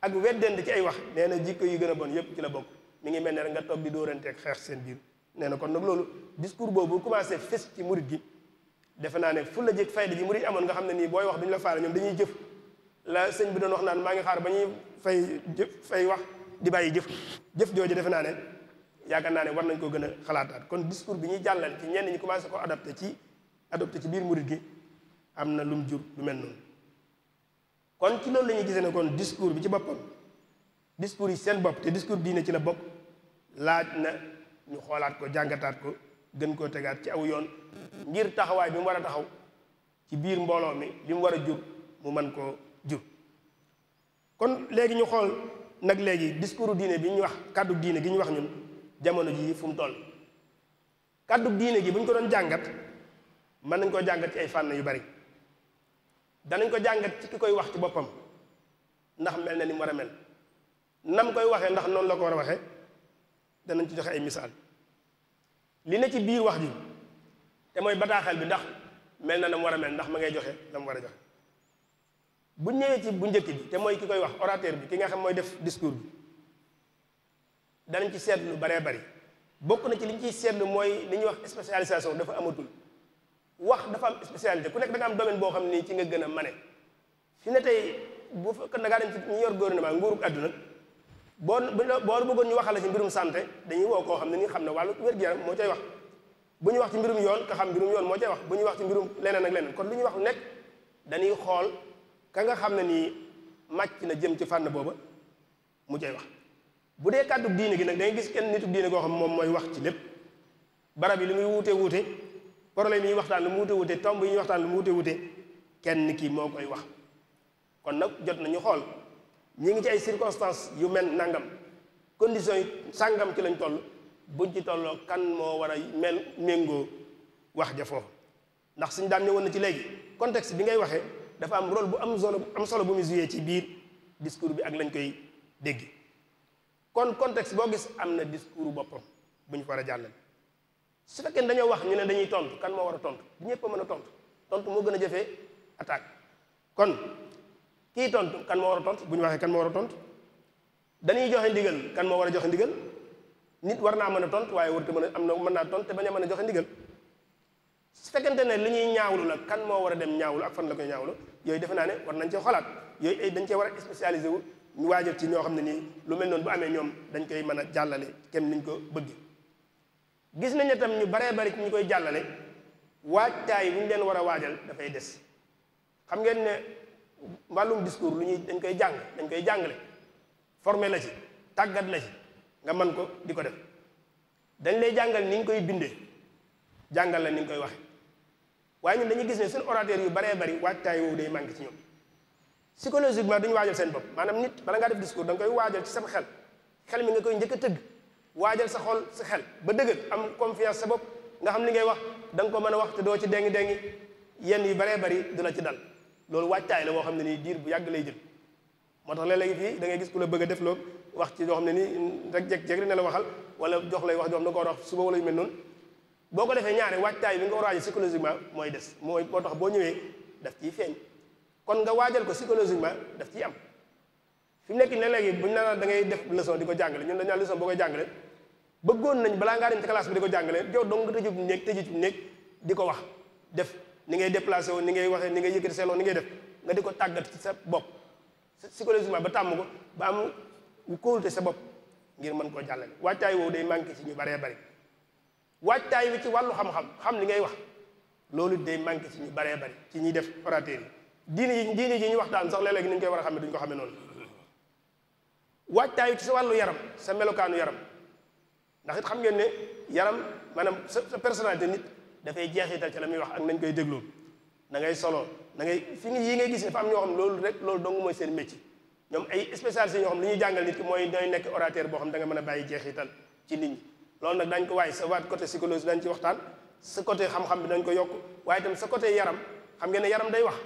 ak weddante ci ay wax nee na jikk yu gën a bon yëpp ci la bokk mi ngi mel ne rek nga toog bi dóorante ak xeex seen biir nee na kon nag loolu discours boobu commencé fës ci murit gi defe naa ne fu la jëkk fayda ji murit amoon nga xam ne nii booy wax duñu la faale ñoom dañuy jëf la sëñ bi doon wax naan maa ngi xaar ba ñuy fay jëf fay wax di bàyyi jëf jëf jooju defe naa ne yaakaar naa ne war nañ koo gën a xalaataat kon discours bi ñuy jàllal ci ñenn ñi commencé ko adapté ci adopté ci biir murit gi am na lum jur lu mel noonu kon ci loolu la gisee ne kon discours bi ci boppam discours yi seen bopp te discours diine ci la bokk laaj na ñu xoolaat ko jàngataat ko gën koo tegaat ci aw yoon ngir taxawaay bi mu war a taxaw ci biir mbooloo mi li mu war a jur mu mën koo jur kon léegi ñu xool nag léegi discours diine bi ñu wax kàddu diine gi ñu wax ñun jamono jii fu mu toll kàddu diine gi bu ñu ko doon jàngat mën nañ koo jàngat ci ay fànn yu bari danañ ko jàngat ci ki koy wax ci boppam ndax mel na ni mu war a mel nam koy waxee ndax noonu la ko war a waxe danañ ci joxe ay misaal li ne ci biir wax ji te mooy bataaxal bi ndax mel na na mu war a mel ndax ma ngay joxe la mu war a joxe bu ñëwee ci bu njëkk bi te mooy ki koy wax orateur bi ki nga xam mooy def discours bi danañ ci seetlu baree bari bokk na ci li ñu ciy seetlu mooy li ñuy wax spécialisation dafa amatul wax dafa am spécialité ku nekk da nga am domaine boo xam nii ci nga gën a mane fi ne tey bu fekkoon da ngaa dem ci ñu yor gouvernement nguurug àdduna boo boo bëggoon ñu waxale ci mbirum santé dañuy woo koo xam ne ni xam ne wàllu wér moo cay wax bu ñu wax ci yoon ka xam mbirum yoon moo cay wax bu ñu wax ci mbirum leneen ak leneen kon lu ñuy wax lu nekk dañuy xool ka nga xam ne nii màcc na jëm ci fànn booba mu cay wax bu dee kàddu diine gi nag dangay gis kenn nitu diine goo xam moom mooy wax ci lépp barab yi li muy wuute wuute problème yi ñu waxtaan lu mu wute wute tomb yi ñu waxtaan lu mu wute wute kenn kii moo koy wax kon nag jot nañu xool ñi ngi ci ay circonstances yu mel nangam conditions yi sàngam ci lañ toll buñ ci tolloo kan moo war a mel méngoo wax ja ndax suñ daan ñëwoon na ci léegi contexte bi ngay waxee dafa am rôle bu am solo am solo bu mu joué ci biir discours bi ak lañ koy dégg kon contexte boo gis am na discours boppam bu ñu ko war a jàllale su fekkee dañoo wax ñu ne dañuy tontu kan moo war a tontu ñëpp a mën a tontu tont moo gën a jëfee attaque kon kii tontu kan moo war a tontu bu ñu waxee kan moo war a tont dañuy joxe ndigal kan moo war a joxe ndigal nit war naa mën a tontu waaye warut mën a am na mën naa tontu te bañ a mën a joxe ndigal su fekkente ne li ñuy ñaawlu la kan moo war a dem ñaawlu ak fan la koy ñaawlu yooyu defe naa ne war nañ cee xolaat yooyu dañ cee war a spécialisé wu ñu waajal ñoo xam ne nii lu mel noonu bu amee ñoom dañ koy mën a jàllale kenn niñ ko bëgg gis nañ ne tam ñu baree bari ñu koy jàllale waajtaay bu ñu leen war a waajal dafay des xam ngeen ne wàllum discours lu ñuy dañ koy jàng dañ koy jàngale formé la ci tàggat la ci nga man ko di ko def dañ lay jàngal ni nga koy bindee jàngal la ni ñu koy waxe waaye ñun dañuy gis ne suñu orateur yu baree bari waajtaay woowu day manqué ci ñoom psychologiquement duñu waajal seen bopp maanaam nit bala ngaa def discours da nga koy waajal ci sam xel xel mi nga koy njëkk a tëgg waajal sa xol sa xel ba dëgër am confiance sa bopp nga xam li ngay wax da nga ko mën a wax te doo ci dengi dengi yenn yu baree bari du la ci dal loolu waajtaay la moo xam ne nii diir bu yàgg lay jël moo tax léeg-léegi fii da gis ku la bëgg a wax ci loo xam ne nii rek jekk jekk rek la waxal wala jox lay wax joo xam ne da nga ko war a wax suba wala yu mel noonu boo ko defee ñaari waajtaay bi nga war a waajal psychologiquement mooy des mooy moo tax boo ñëwee daf ciy feeñ kon nga waajal ko psychologiquement daf ciy am fi mu nekk ne léegi bu ñu naan da ngay def leçon di ko jàngale ñun dañu naan leçon boo koy jàngale bëggoon nañ balaa ngaa dem ci classe bi di ko jàngale yow dong nga tëju néeg néeg di ko wax def ni ngay déplacé wu ni ngay waxee ni ngay yëkkati seeloo ni ngay def nga di ko tàggat ci sa bopp psychologiquement ba tàmm ko ba am kóolute sa bopp ngir mën koo jàllale waajtaay woowu day manqué ci ñu baree bari waajtaay wi ci wàllu xam-xam xam li ngay wax loolu day manqué ci ñu baree bari ci a xamee duñ ko xamee noonu waajtaayu ci sa wàllu yaram sa melokaanu yaram ndax it xam ngeen ne yaram maanaam sa sa personnalité nit dafay jeexital ci la muy wax ak nañ koy dégloo na ngay solo na ngay fi ngi yi ngay gis dafa am ñoo loolu rek loolu dong mooy seen métier ñoom ay ñoo xam li ñuy jàngal nit mooy day nekk orateur boo xam da nga mën a bàyyi jeexital ci nit ñi loolu nag dañ ko waaye sa waat côté psychologie dañ ci waxtaan sa côté xam-xam bi dañ ko yokk waaye itam sa côté yaram xam ngeen ne yaram day wax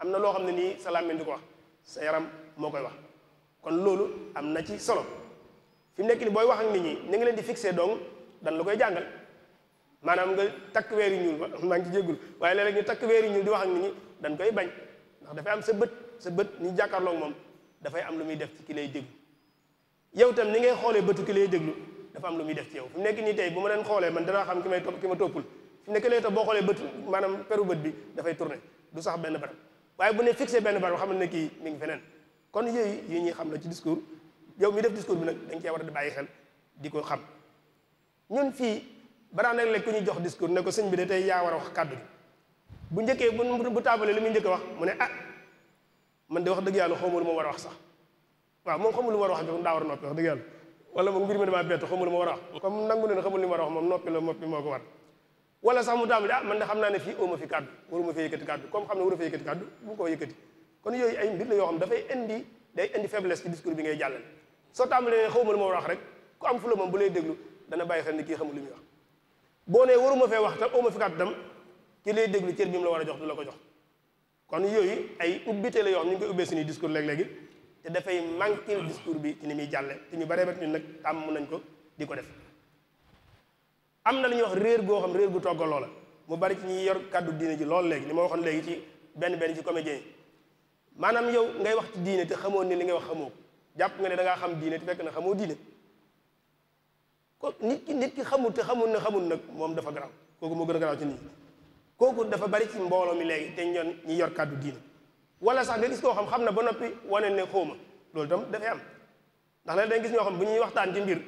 am na loo xam ne nii sa làmmiñ ko wax sa yaram moo koy wax kon loolu am na ci solo fi mu nekk ni booy wax ak nit ñi ni nga leen di fixé donc dan la koy jàngal maanaam nga takk weeri ñuul ba maa ngi ci jéggul waaye léeg-léeg ñu takk weeri ñuul di wax ak nit ñi dañ koy bañ ndax dafay am sa bët sa bët ni jàkkaarloog moom dafay am lu muy def ci ki lay déglu yow tam ni ngay xoolee bëtu ki lay déglu dafa am lu muy def ci yow fi mu nekk nii tey bu ma leen xoolee man danaa xam ki may topp ki ma toppul fi mu nekk léegi tam boo xoolee bëtu maanaam peru bët bi dafay tourné du sax benn barab waaye bu ne fixé benn barab xam ne kii mi ngi kon yooyu yi ñuy xam la ci discours yow mi def discours bi nag dañ cee war a di bàyyi xel di ko xam ñun fii balaa nag léeg ku ñu jox discours ne ko sëñ bi de tey yaa war a wax kàddu gi bu njëkkee bu taabalee li muy njëkk wax mu ne ah man de wax dëgg yàlla xawma ma war a wax sax a wax moom nangu ne xamul li ma war a wax moom noppi la noppi moo ko war wala sax mu tàmbali ah man de xam naa ne fii óoma fi kàddu waruma fi yëkkati kàddu comme xam ne waru kon yooyu ay mbir la yoo xam dafay indi day indi faiblesse ci discours bi ngay jàllale soo tàmbalee xaw ma lu ma wax rek ku am fu la moom bu lay déglu dana bàyyi xel ni kii xamul lu muy wax boo nee waruma fee wax tam oma fi kat tam ki lay déglu cër bi mu la war a jox du la ko jox kon yooyu ay ubbite la yoo xam ni ñu koy ubbee suñuy discours léeg-léegi te dafay manqué discours bi ci ni muy jàlle te ñu baree bat ñun nag tàmm nañ ko di ko def am na lu ñuy wax réer goo xam réer gu toggaloo la mu bari ci ñuy yor kàddu diine ji lool léegi li ma waxoon léegi ci benn benn ci comédien maanaam yow ngay wax ci diine te xamoon ni li ngay wax xamoo jàpp nga ne da xam diine te fekk na xamoo diine ko nit ki nit ki xamul te xamul na xamul nag moom dafa garaaw kooku moo gën a garaaw ci nit kooku dafa bari ci mbooloo mi léegi te ñoon ñi yor kàddu diine wala sax nga gis koo xam xam na ba noppi wane ne xóoma loolu tam dafay am ndax léeg dañ gis ñoo xam bu ñuy waxtaan ci mbir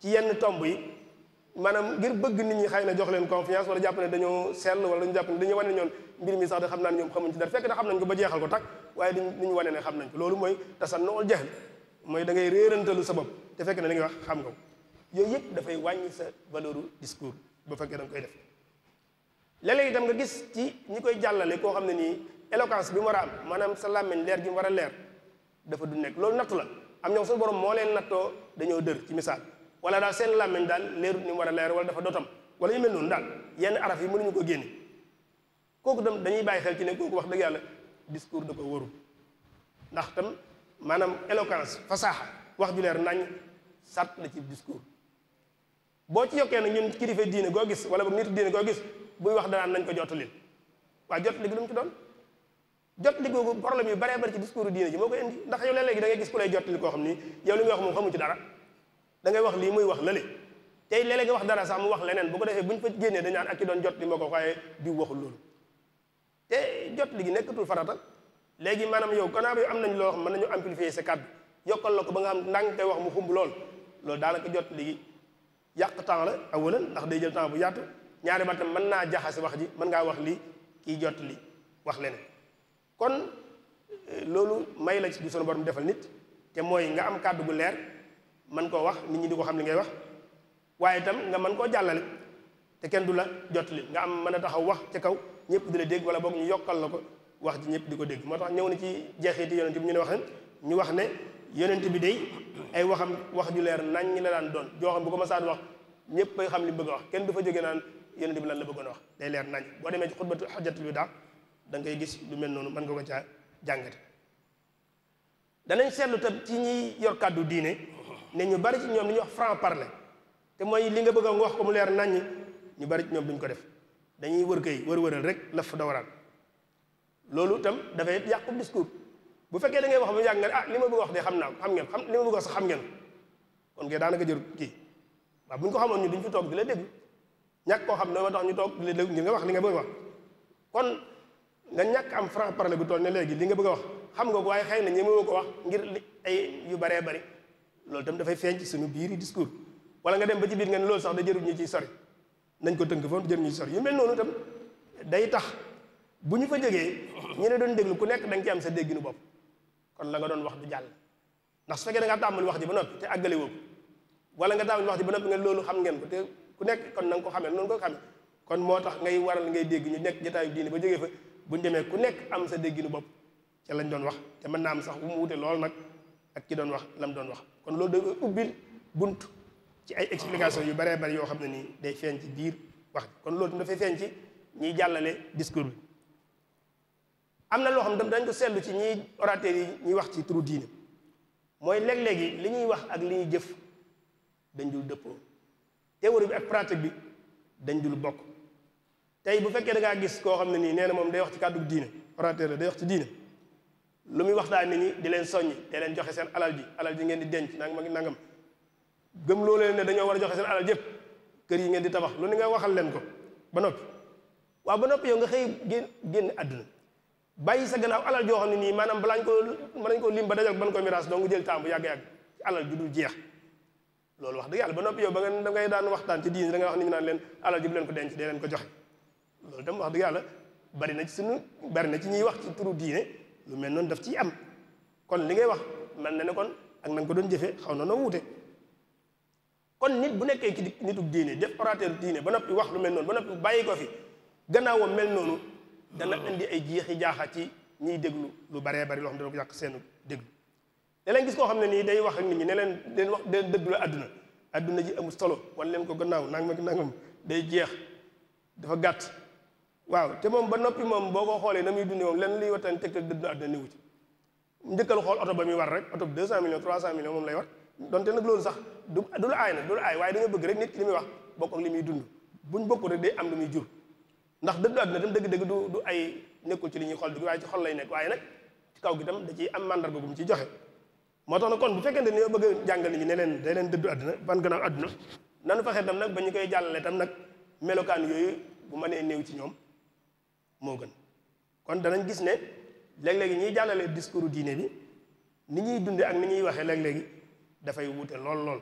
ci yenn tomb yi maanaam ngir bëgg nit ñi xay na jox leen confiance wala jàpp ne dañoo sell wala dañu jàpp ne dañu wane ne ñoon mbir mi sax da xam naa ne ñoom xamuñ ci dara fekk na xam nañ ko ba jeexal ko tak waaye duñ duñu wane ne xam mooy tasannool jahl mooy da ngay sa bopp te fekk na li nga wax xam dafay wàññi sa valeur discours ba fekkee da nga koy def léeg-léeg nga gis ci ñi koy jàllale koo xam ne nii éloquence bi mu a am maanaam sa làmmiñ leer gi mu war a leer dafa du nekk loolu nattu la am ñoom suñu borom moo leen nattoo dañoo dër ci misaal wala daal seen làmmiñ daal leerut ni mu war a leer wala dafa dotam wala yu mel noonu daal yenn araf yi mënuñu ko génne kooku dem dañuy bàyyi xel ci ne kooku wax dëgg yàlla discours da ko warul ndax tam maanaam éloquence fasaaxa wax ju leer nañ sart la ci discours boo ci yokkee nag ñun kilifa diine koo gis wala boog nit diine koo gis buy wax danaan nañ ko jottali waaye jottali gi lu mu ci doon jottali googu problème yu baree bari ci discours diine ndax yow léegi da ngay gis ku koo xam ni yow li muy wax ci dara dangay wax lii muy wax lële tey léeg-léeg nga wax dara sax mu wax leneen bu ko defee bu ñu fa génnee dañ naan ak ki doon jot li moo ko waaye diw waxul loolu te jot li gi nekkatul farata léegi maanaam yow gannaaw yow am nañ loo mën nañu amplifier sa kàddu yokkal la ko ba nga xam ndànk koy wax mu xumb lool loolu daanaka jot ligi yàq temps la awala ndax day jël temps bu yàtt ñaari ba tam mën naa jaxase wax ji mën ngaa wax lii kii jot li wax leneen kon euh, loolu may la ci du sunu borom defal nit te mooy nga am kàddu gu leer man koo wax nit ñi di ko xam li ngay wax waaye tam nga mën koo jàllale te kenn du la jot li nga am mën a taxaw wax ca kaw ñëpp di la dégg wala boog ñu yokkal la ko wax ji ñëpp di ko dégg moo tax ñëw na ci jeexiti yonent bi ñu ne wax ne ñu wax ne yonent bi day ay waxam wax ju leer nañ ñi la daan doon joo xam bu ko masaan wax ñëpp ay xam li bëgg a wax kenn du fa jóge naan yonent bi lan la bëggoon a wax day leer nañ boo demee ci xutbatu bi widaa da ngay gis lu mel noonu mën nga ko caa jàngate danañ seetlu tam ci ñiy yor kàddu ne ñu bari ci ñoom li ñuy wax franc parler te mooy li nga bëgg a wax ko mu leer naññ ñu bari ci ñoom duñ ko def dañuy wër kay wër-wëral rek laf dawaraan loolu itam dafay yàqub discours bu fekkee da ngay wax ba yàgg nga ne ah li ma bëgg wax de xam naa ko xam ngeen xam li ma bëgg wax sax xam ngeen kon kay daanaka jëru kii waaw bu ñu ko xamoon ñu duñ fi toog di la déglu ñàkk koo xam ne ma tax ñu toog di la déglu ngir nga wax li nga bëgg wax kon nga ñàkk am franc bu toll ne léegi li nga bëgg wax xam nga ko waaye xëy na ñemewoo ko wax ngir ay yu baree bari loolu tam dafay feeñ ci suñu biir discours wala nga dem ba ci biir nga ne loolu sax da jëru ñu ciy sori ko tënk foofu jëru ñu ci sore yu mel noonu tam day tax bu ñu fa jógee ñi ne doon déglu ku nekk da ci am sa dégginu bopp kon la nga doon wax du jàll ndax su fekkee da nga wax ji ba noppi te àggale woo ko wala nga tàmbali wax ji ba noppi nga loolu xam ngeen ko ku nekk kon na koo ko xamee noonu ko xamee kon moo tax ngay waral ngay dégg ñu nekk jotaayu diine ba jógee fa buñ demee ku nekk am sa dégginu bopp ca lañ doon wax te mën naa am sax bu mu wute lool nag ak ki doon wax lam doon wax kon loolu da koy ubbil bunt ci ay explication yu baree bari yoo xam ne nii day feeñ ci biir wax kon loolu tam dafay feeñ ci ñiy jàllale discours bi am na loo xam ne dañ ko seetlu ci ñiy orateur yi ñuy wax ci turu diine mooy léeg-léegi li ñuy wax ak li ñuy jëf dañ dul dëppoo théorie bi ak pratique bi dañ dul bokk tey bu fekkee da ngaa gis koo xam ne nii nee na moom day wax ci kàddu diine orateur la day wax ci diine lu muy waxtaan nit ñi di leen soññi di leen joxe seen alal ji alal ji ngeen di denc nangam ak nangam gëm loo leen ne dañoo war a joxe seen alal yëpp kër yi ngeen di tabax lu ni nga waxal leen ko ba noppi waaw ba noppi yow nga xëy génn génn àdduna bàyyi sa gannaaw alal joo xam ne nii maanaam balaañ ko mën ko lim ba dajal ban ko miraas dong jël temps bu yàgg-yàgg ci alal ju dul jeex loolu wax dëgg yàlla ba noppi nga da ngay daan waxtaan ci diin da ngay wax nit ñi naan leen alal ji bu leen ko denc dee leen ko joxe loolu tam wax dëgg yàlla bari na ci sunu bari na ci ñuy wax ci turu diine lu mel noonu daf ciy am kon li ngay wax man na ne kon ak na ko doon jëfee xaw na noo wuute kon nit bu nekkee ci nitu diine def orateur diine ba noppi wax lu mel noonu ba noppi bàyyi ko fi gannaawam mel noonu dana indi ay jeexi jaaxa ci ñiy déglu lu baree bari loo xam dana ko yàq seenu déglu da leen gis koo xam ne nii day wax ak nit ñi ne leen leen wax leen dëddu la àdduna àdduna ji amul solo wan leen ko gannaaw ma nangam nangam day jeex dafa gàtt waaw te moom ba noppi moom boo ko xoolee na muy dundee moom lenn liy waxtaan tegtal dëdd àddina néewu ci njëkkal xool oto ba muy war rek oto bi 200 millions 300 millions moom lay war donte nag loolu sax du du la aay nag du la aay waaye dañoo bëgg rek nit ki li muy wax bokk ak li muy dund buñ ñu rek day am lu muy jur ndax dëdd àddina tam dëgg-dëgg du du ay nekkul ci li ñuy xool dugg waaye ci xol lay nekk waaye nag kaw gi tam da ciy am mandarga bu mu ci joxe moo tax na kon bu fekkente ni ñoo bëgg a jàngal nit ñi ne leen day leen dëddu àddina ban gannaaw àddina nanu fexe tam nag ba ñu koy jàllale tam nag melokaan yooyu bu mënee néew ci ñoom moo gën kon danañ gis ne léeg-léegi ñuy jàllale discours diine bi ni ñuy dundee ak ni ñuy waxee léeg-léegi dafay wute lool lool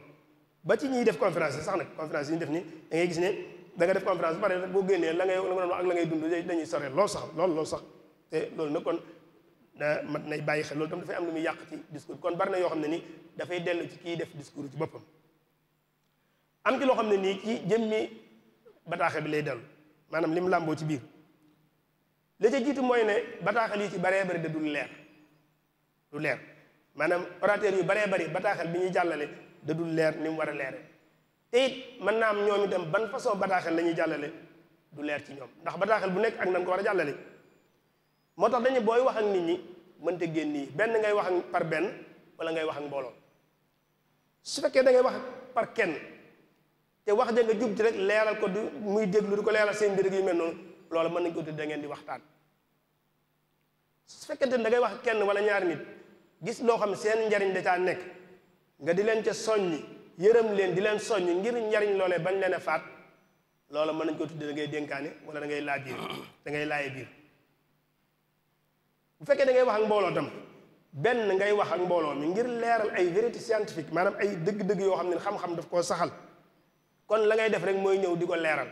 ba ci ñuy def conférence sax nag conférence yi ñu def ni da gis ne da nga def conférence ba boo génnee la ngay nga doon wax ak la ngay dund dañuy sore lool sax lool lool sax te loolu nag kon mat nay bàyyi xel loolu tam dafay am lu muy yàq ci discours kon bari na yoo xam ne ni dafay dellu ci kiy def discours ci boppam am ci loo xam ne nii ci jëmmi bataaxe bi lay dellu ci biir la ca jiitu mooy ne bataaxal yi ci baree bari da du leer du leer maanaam orateur yu baree bari bataaxal bi ñuy jàllale da leer ni mu war a leer te it mën naa am ñoom itam ban façon bataaxal la ñuy jàllale du leer ci ñoom ndax bataaxal bu nekk ak nan ko war a jàllale moo tax dañu booy wax ak nit ñi mënta génn nii benn ngay wax ak par benn wala ngay wax ak mbooloo su fekkee da ngay wax par kenn te wax ja nga jub ci rek leeral ko du muy déglu du ko leeral seen mbir yu mel noonu loolu mën nañ ko tudd da ngeen di waxtaan su fekkente ne da ngay wax kenn wala ñaar nit gis loo xam ne seen njariñ da caa nekk nga di leen ca soññi yërëm leen di leen soññ ngir njariñ loole bañ leen a faat loola mën nañ ko tudde da ngay dénkaane wala da ngay laa biir da biir bu fekkee da ngay wax ak mbooloo tam benn ngay wax ak mbooloo mi ngir leeral ay vérité scientifique maanaam ay dëgg-dëgg yoo xam ne xam-xam daf koo saxal kon la ngay def rek mooy ñëw di ko leeral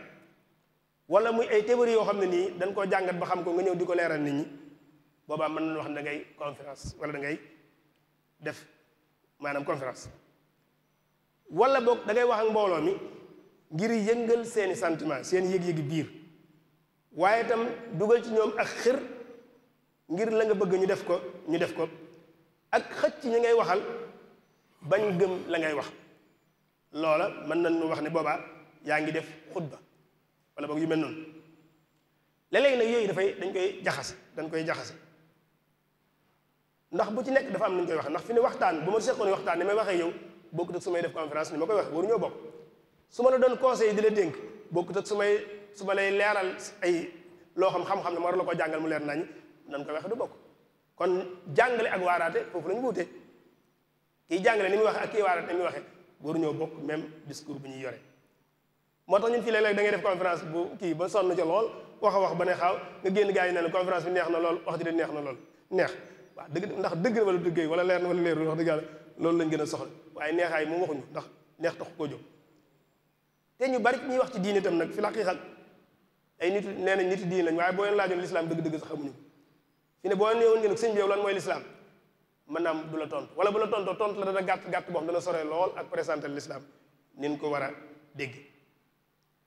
wala muy ay théorie yoo xam ne nii dañ koo jàngat ba xam ko nga ñëw di ko leeral nit ñi boobaa mën nañu wax ne da ngay conférence wala da ngay def maanaam conférence wala boog dangay ngay wax ak mbooloo mi ngir yëngal seeni sentiment seen yëg-yëgi biir waaye itam dugal ci ñoom ak xër ngir la bëgg ñu def ko ñu def ko ak xëcc ñi ngay waxal bañ gëm la ngay wax loola mën na nañu wax ne boobaa yaa ngi def xutba wala boog yu mel noonu léeg nag yooyu dafay dañ koy jaxase dañ koy jaxase ndax bu ci nekk dafa am nañ ñu koy wax ndax fi ne waxtaan bu ma seqoon waxtaan ni may waxee yow bokk ak su may def conférence ni ma koy wax waruñoo su ma la doon conseil di la dénk bokkut ak su may su ma lay leeral ay loo xam xam ne war la ko jàngal mu leer nañ nan koy waxe du bokk kon jàngale ak waaraate foofu la ñu wuute kii jàngale ni muy waxe ak kii waaraate ni muy waxe waruñoo bokk même discours bu ñuy yore moo tax ñun fii da ngay def conférence bu kii ba sonn ca lool wax a wax ba ne xaaw nga génn gars yi ne la conférence bi neex na lool wax ji de neex na lool neex waaw dëgg ndax dëgg la wala dëggéey wala leer na wala leerul wax dëgg loolu lañ gën a soxla waaye neexaay moom waxuñu ndax neex tax koo jóg te ñu bari ñuy wax ci diine itam nag fi la xal ay nit nee nañ nit diine lañ waaye boo leen laajoon lislaam dëgg-dëgg sax xamuñu fi ne boo leen neewoon ngeen sëñ bi yow lan mooy maanaam du la tontu wala bu la tontoo tontu la dana gàtt gàtt boo xam dana sore lool ak présenté lislaam nin ko war a dégg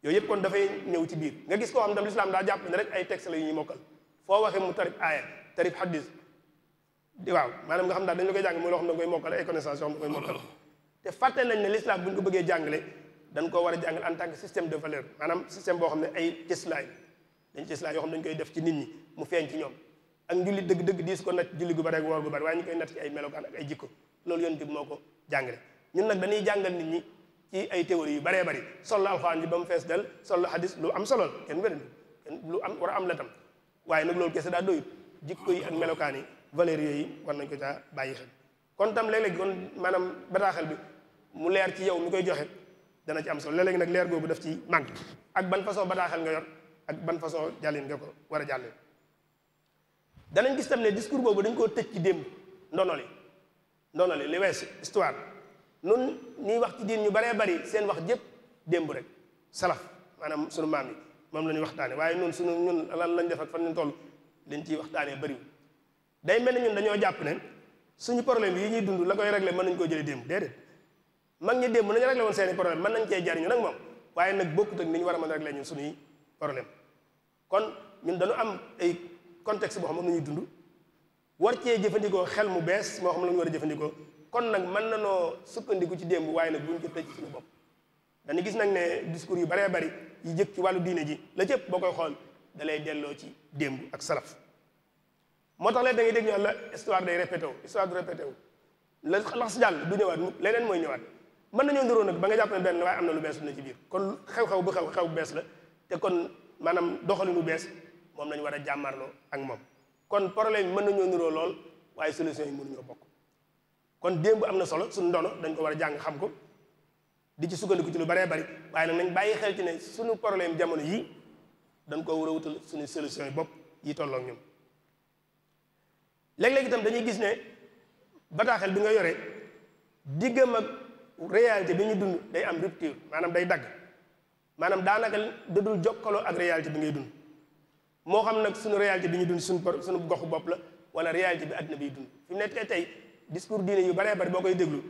yooyu yëpp kon dafay ñëw ci biir nga gis koo xam tam lislaam daa jàpp ne rek ay texte la yu ñuy mokkal foo waxee mu tarif aaya tarif hadis waaw maanaam nga xam daal dañ la koy jàng muy loo xam ne koy mokkal ay connaissance yoo xam ne koy mokkal te fàtte nañ ne l'islam bu ñu ko bëggee jàngale dañ ko war a jàngal en tant que système de valeur maanaam système boo xam ne ay cëslaay dañ cëslaay yoo xam ne dañ koy def ci nit ñi mu feeñ ci ñoom ak njulli dëgg-dëgg diis ko nat julli gu bari ak woor gu bari waaye ñu koy nat ci ay melokaan ak ay jikko loolu yonent moo ko jàngale ñun nag dañuy jàngal nit ñi ci ay théories yu baree bari sol la alxuraan ji ba mu fees del sol la hadis am solo am war am la tam waaye nag loolu kese daa doyut jikko melokaan yi valeurs yooyu war nañ ko caa bàyyi xel kon tam léeg-léeg kon maanaam bataaxal bi mu leer ci yow mu koy joxe dana ci am sol léeg-léeg nag leer googu daf ci manqué ak ban façon bataaxal nga yor ak ban façon jàllin nga ko war a jàllin danañ gis tam ne discours boobu dañ koo tëj ci démb ndonoli ndonoli li wees histoire nun ñuy wax ci diin ñu baree bari seen wax jëpp démb rek salaf maanaam sunu maam yi moom la ñuy waxtaane waaye nun sunu ñun lan lañ def ak fan ñu toll liñ ciy waxtaanee bariwul day mel ni ñun dañoo jàpp ne suñu problème yi ñuy dund la koy réglé mën nañu koo jëlee démb déedéet mag ñi démb nañu réglé woon seeni problème mën nañ cee jariñu nag moom waaye nag bokkut ak ni ñu war a mën a réglé ñun suñuy problème kon ñun dañu am ay contexte boo xam ne ñuy dund war cee jëfandikoo xel mu bees moo xam nañu ñu war a jëfandikoo kon nag mën na noo sukkandiku ci démb waaye nag buñ ko tëj ci gis nag ne discours yu baree bari yi ci wàllu diine ji la cëpp boo koy xool dalay delloo ci démb ak salaf moo tax léegi da ngay dégg ñu la histoire day répété wu histoire du répété wu la lax si jàll du ñëwaat mukk leneen mooy ñëwaat mën nañoo niroo nag ba nga jàpp ne benn waaye am na lu bees lu ne ci biir kon xew-xew bu xew xew bu bees la te kon maanaam doxalin bu bees moom nañu war a jàmmarloo ak moom kon problème mën nañoo niroo lool waaye solution yi mënuñoo bokk kon démb am na solo suñu ndono dañ ko war a jàng xam ko di ci sukkandiku ci lu baree bari waaye nag nañ bàyyi xel ci ne suñu problème jamono yi dañ koo war a wutal suñu solution yi bopp yi ñoom léeg-léeg itam dañuy gis ne bataaxel bi nga yore diggam ak réalité bi ñu dund day am rupture maanaam day dagg maanaam daanaka dadul jokkaloo ak réalité bi ngay dund moo xam nag suñu réalité bi ñu dund suñu suñu goxu bopp la wala réalité bi àddina biy dund fi mu nekk tey discours diine yu baree bari boo koy déglu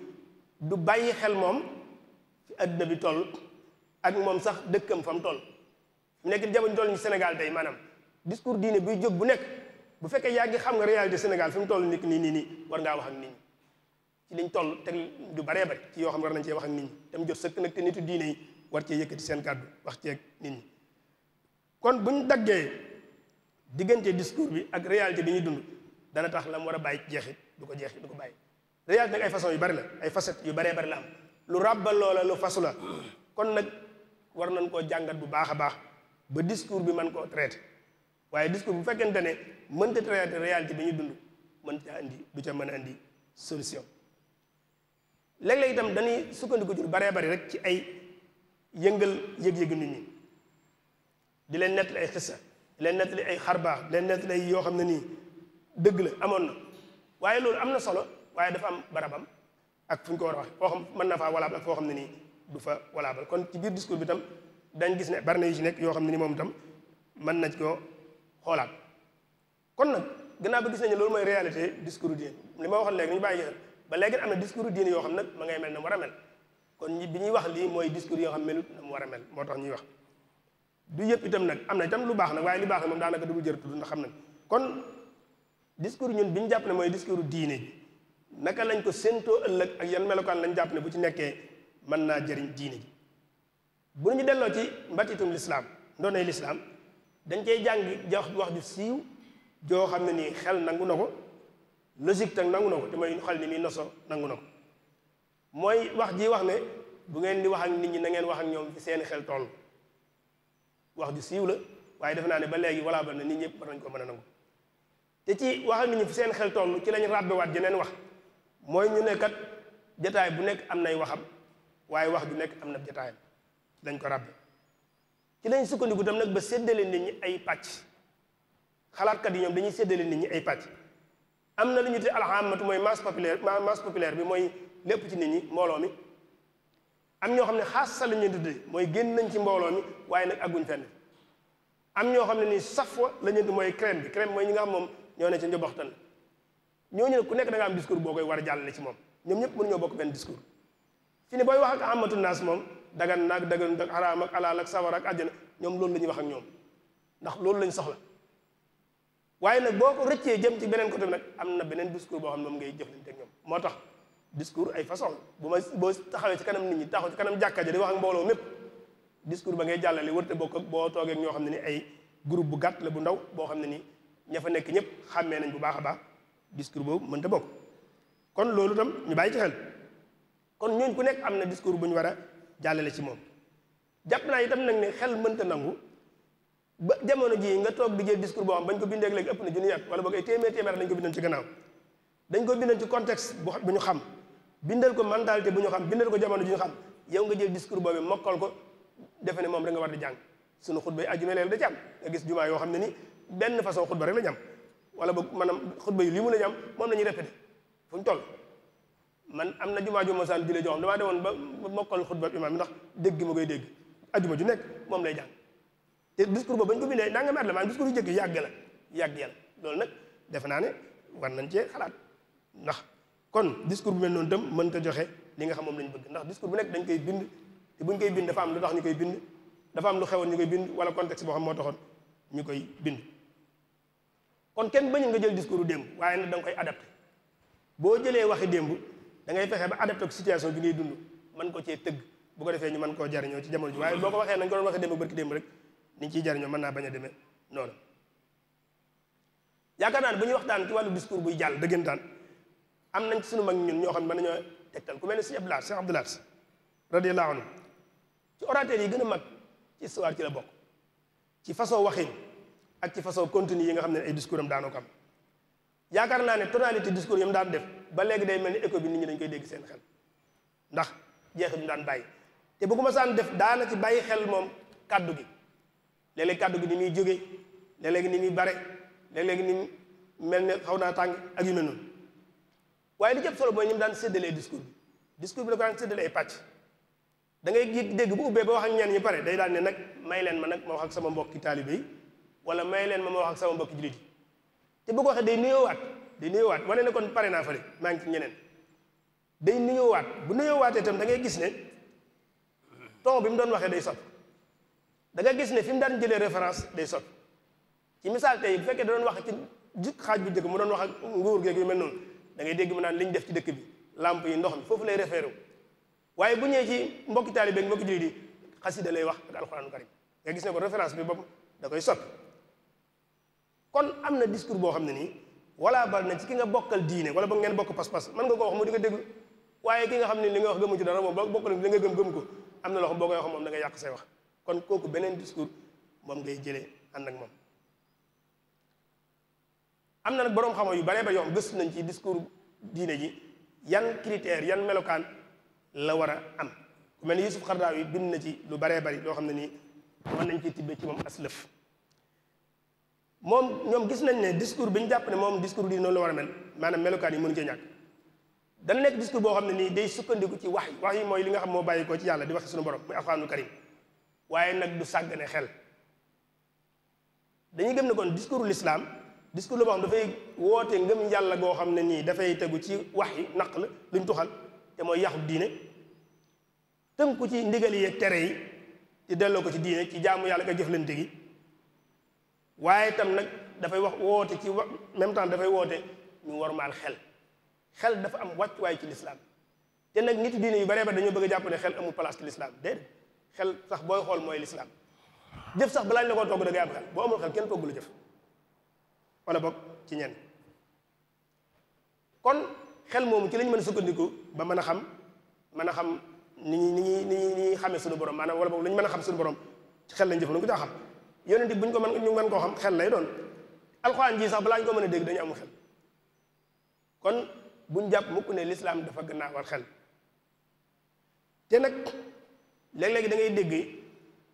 du bàyyi xel moom fi àddina bi toll ak moom sax dëkkam fam mu toll mu nekk jamono toll ñu Sénégal tey maanaam discours diine buy jóg bu nekk bu fekkee yàgg xam nga réalité Sénégal fi mu toll nii nii nii war ngaa wax ak nit ñi ci liñ toll teg du baree bari ci yoo xam ne war nañ cee wax ak nit ñi tam jot sëkk nag te nitu war cee yëkkati seen wax ceeg nit ñi kon buñ daggee diggante discours bi ak réalité bi ñuy dund dana tax la mu war a bàyyi jeexit du ko jeexit du ko bàyyi réalité nag ay façon yu bari la ay facettes yu baree bari la am lu ràbbal loola lu fasu la kon nag war nañ koo jàngat bu baax a baax ba discours bi mën koo traité waaye discours bu fekkente ne mënta traité réalité bi ñu dund mën ca indi du ca mën a andi solution léeg-léeg itam dañuy sukkandiku jur baree bari rek ci ay yëngal yëg-yëg nit di leen nettali ay xissa di leen nettali ay xar baax leen nettali ay yoo xam ne nii dëgg la amoon na waaye loolu am na solo waaye dafa am barabam ak fu ñu ko war a waxe foo mën na faa walaabal ak foo xam ne nii du fa walaabal kon ci biir discours bi tam dañ gis ne bari na yu ci nekk yoo xam ne ni moom itam mën nañ ko xoolaat kon nag gannaaw ba gis nañu loolu mooy réalité discours diine li ma waxoon léegi nañu bàyyi xel ba léegi am na discours diine yoo xam nag ma ngay mel na mu war a mel kon ñi bi ñuy wax lii mooy discours yoo xam melut na moo tax ñuy wax du yëpp itam nag am na itam lu baax nag waaye li baax nag moom daanaka bu jër tudd ndax xam nañ kon discours ñun bi ñu jàpp ne mooy discours diine bi naka lañ ko séentoo ëllëg ak yan melokaan lañ jàpp ne bu ci nekkee mën naa jëriñ diine ji bu ñu delloo ci mbatitum lislaam ndoonay lislaam dañ koy jàng jox wax ju siiw joo xam ne nii xel nangu na ko logique tam nangu na ko te mooy xel ni muy noso nangu na mooy wax ji wax ne bu ngeen di wax ak nit ñi nangeen ngeen wax ak ñoom ci seeni xel toll wax ju siiw la waaye defe naa ne ba léegi walla ba ne nit ñëpp war nañ ko mën a nangu te ci wax ak nit ñi fi seen xel toll ci lañ waat jeneen wax mooy ñu ne kat jataay bu nekk am nay waxam waaye wax ju nekk am na jataayam dañ ko ràbbe ci lañ sukkandiku tam nag ba séddale nit ñi ay pàcc kat yi ñoom dañuy seddalee nit ñi ay pàcc am na lu ñu te alxamatu mooy masse populaire masse populaire bi mooy lépp ci nit ñi mbooloo mi am ñoo xam ne xaasa la ñu tuddee mooy génn nañ ci mbooloo mi waaye nag agguñ fenn am ñoo xam ne nii safwa la ñu tuddee mooy crème bi crème mooy ñi nga xam moom ñoo ne ca njoboxtan ñooñu nag ku nekk da am discours boo koy war a jàllale ci moom ñoom ñëpp mënu ñoo bokk benn discours fi ne booy dagan naag daganut ak xaraam ak alaal ak sawar ak àjjana ñoom loolu la ñuy wax ak ñoom ndax loolu lañ soxla waaye nag boo ko rëccee jëm ci beneen côté bi nag am na beneen discours boo xam ne moom ngay jëflante ñoom moo tax discours ay façon bu ma boo taxawee ci kanam nit ñi taxaw ci kanam jàkka ja di wax ak mbooloo mépp discours ba ngay jàllale wërte bokk ak boo toogee ñoo xam ne ni ay groupe bu gàtt la bu ndaw boo xam ne ni ña fa nekk ñëpp xàmmee nañ bu baax a baax discours boobu mënta bokk kon loolu tam ñu bàyyi ci xel kon ñooñ ku nekk am na discours bu ñu war a jàllale ci moom jàpp naa itam nag ne xel mënta nangu ba jamono jii nga toog di jël discours boo xam bañ ko bindee léegi ëpp na junni at wala boog ay téeméer téeméer dañ ko bindoon ci gannaaw dañ ko bindoon ci contexte bu ñu xam bindal ko mentalité bu ñu xam bindal ko jamono ju ñu xam yow nga jël discours boobu mokkal ko defe ne moom rek nga war di jàng sunu xutba yi ajuma leel da ci am nga gis jumaa yoo xam ne ni benn façon xutba rek la ñu am wala boog maanaam xutba yi lii mu la am moom la ñuy répété fu ñu man am na jumaa ju ma saan julli joo xam damaa demoon ba mokkal xutba imaam bi ndax dégg ma koy dégg ajuma ju nekk moom lay jàng te discours boobu ba ñu ko bindee nangami at la maanaam discours yu jëkk yàgg la yàgg yàlla loolu nag defe naa ne war nañ cee xalaat ndax kon discours bu mel noonu tam mënta joxe li nga xam moom lañ bëgg ndax discours bu nekk dañ koy bind te buñ koy bind dafa am lu tax ñu koy bind dafa am lu xewoon ñu koy bind wala contexte boo xam moo taxoon ñu koy bind kon kenn bañu nga jël discours bu démb waaye nag da koy adapté boo jëlee waxi démb dangay ngay fexe ba adapté ko situation bi ngay dund mën ko cee tëgg bu ko defee ñu man koo jariñoo ci jamono ji waaye boo ko waxee nañ ko doon waxee démb barki démb rek ni ciy jariñoo mën naa bañ a demee noonu yaakaar naa ne bu ñuy waxtaan ci wàllu discours buy jàll dëggantaan am nañ ci suñu mag ñun ñoo xam ne mën nañoo tegtal ku mel ne Cheikh Abdoulaye Cheikh Abdoulaye radiyallahu anhu ci orateur yi gën mag ci histoire ci la ci façon waxin ak ci façon continue yi nga xam ne ay discours am daanoo am yaakaar naa ne tonalité discours yi mu daan def ba léegi day mel ni écho bi nit ñi dañ koy dégg seen xel ndax jeex jeexit ñu daan bàyyi te bu ko masaan def daana ci bàyyi xel moom kàddu gi léeg-léeg kàddu gi ni muy jóge léeg-léeg ni muy bare léeg-léeg ni mel ne xaw naa tàng ak yu mel noonu waaye li jëpp solo mooy ni mu daan séddalee discours bi discours bi da ko daan séddalee ay pàcc da ngay dégg bu ubbee ba wax ak ñenn ñi pare day daan ne nag may leen ma nag ma wax ak sama mbokki taalibe yi wala may leen ma ma wax ak sama mbokki jullit yi te bu waxee day nuyoowaat day nuyoowaat wane ne kon pare naa fële maa ngi ci ñeneen day nuyoowaat bu nuyoowaatee itam da ngay gis ne ton bi mu doon waxee day sot da gis ne fi mu daan jëlee référence day sot ci misaal tey bu fekkee da doon wax ci xaaj bu njëkk mu doon wax ak nguur geeg yu mel noonu da ngay dégg mu naan li def ci dëkk bi làmp yi ndox mi foofu lay référé waaye bu ñëwee ci mbokki taalibe ak mbokki jullit yi xasida lay wax ak alxuraanu karim nga gis ne ko référence bi bopp da koy sot kon am na discours boo xam ne nii wala bal na ci ki nga bokkal diine wala ba ngeen bokk pas-pas mën nga ko wax mu di nga déglu waaye ki nga xam ne li nga wax gëmu ci dara moom ba bokkal li nga gëm gëm ko am na loo xam boo koy wax moom da nga ànd ak moom am na nag xam yu baree ba yoom nañ ci discours diine ji yan critères yan melokaan la war a am ku mel ni Yusuf Xardaawi bind na ci lu baree bari loo xam ne nii mën nañ ci tibbe ci moom aslëf moom ñoom gis nañ ne discours bi ñu jàpp ne moom discours bi noonu la war a mel maanaam melokaan yi mënu cee ñàkk dana nekk discours boo xam ne nii day sukkandiku ci wax yi wax mooy li nga xam moo bàyyi ko ci yàlla di wax suñu borom muy alxuraanul karim waaye nag du sàggane xel dañuy gëm ne kon discours l'islam discours la boo xam dafay woote ngëm yàlla goo xam ne nii dafay tegu ci wax yi naq la luñ tuxal te mooy yaxu diine tënku ci ndigal yi tere yi te delloo ko ci diine ci jaamu yàlla ko jëflante gi waaye tam nag dafay wax woote ci wa même temps dafay woote ñu warmaal xel xel dafa am wàccuwaay ci lislaam te nag nit diine yu bare ba dañoo bëgg a jàpp ne xel amul place ci xel sax booy xool mooy lislaam jëf sax balaa ñu la koo togg da am xel boo amul xel kenn togg la jëf wala boog ci ñenn kon xel moomu ci lañ mën a sukkandiku ba mën a xam mën a xam ni ñuy ni ñuy ni ñuy xamee suñu borom maanaam wala boog lu mën a xam suñu borom ci xel lañ jëf lu ko daa xam yonent bi bu ñu ko mën ñu man koo xam xel lay doon alxuraan ji sax balaa ñu ko mën a dégg dañu amul xel buñ jàpp mukk ne lislaam dafa gannaawal xel te nag léeg-léegi da ngay dégg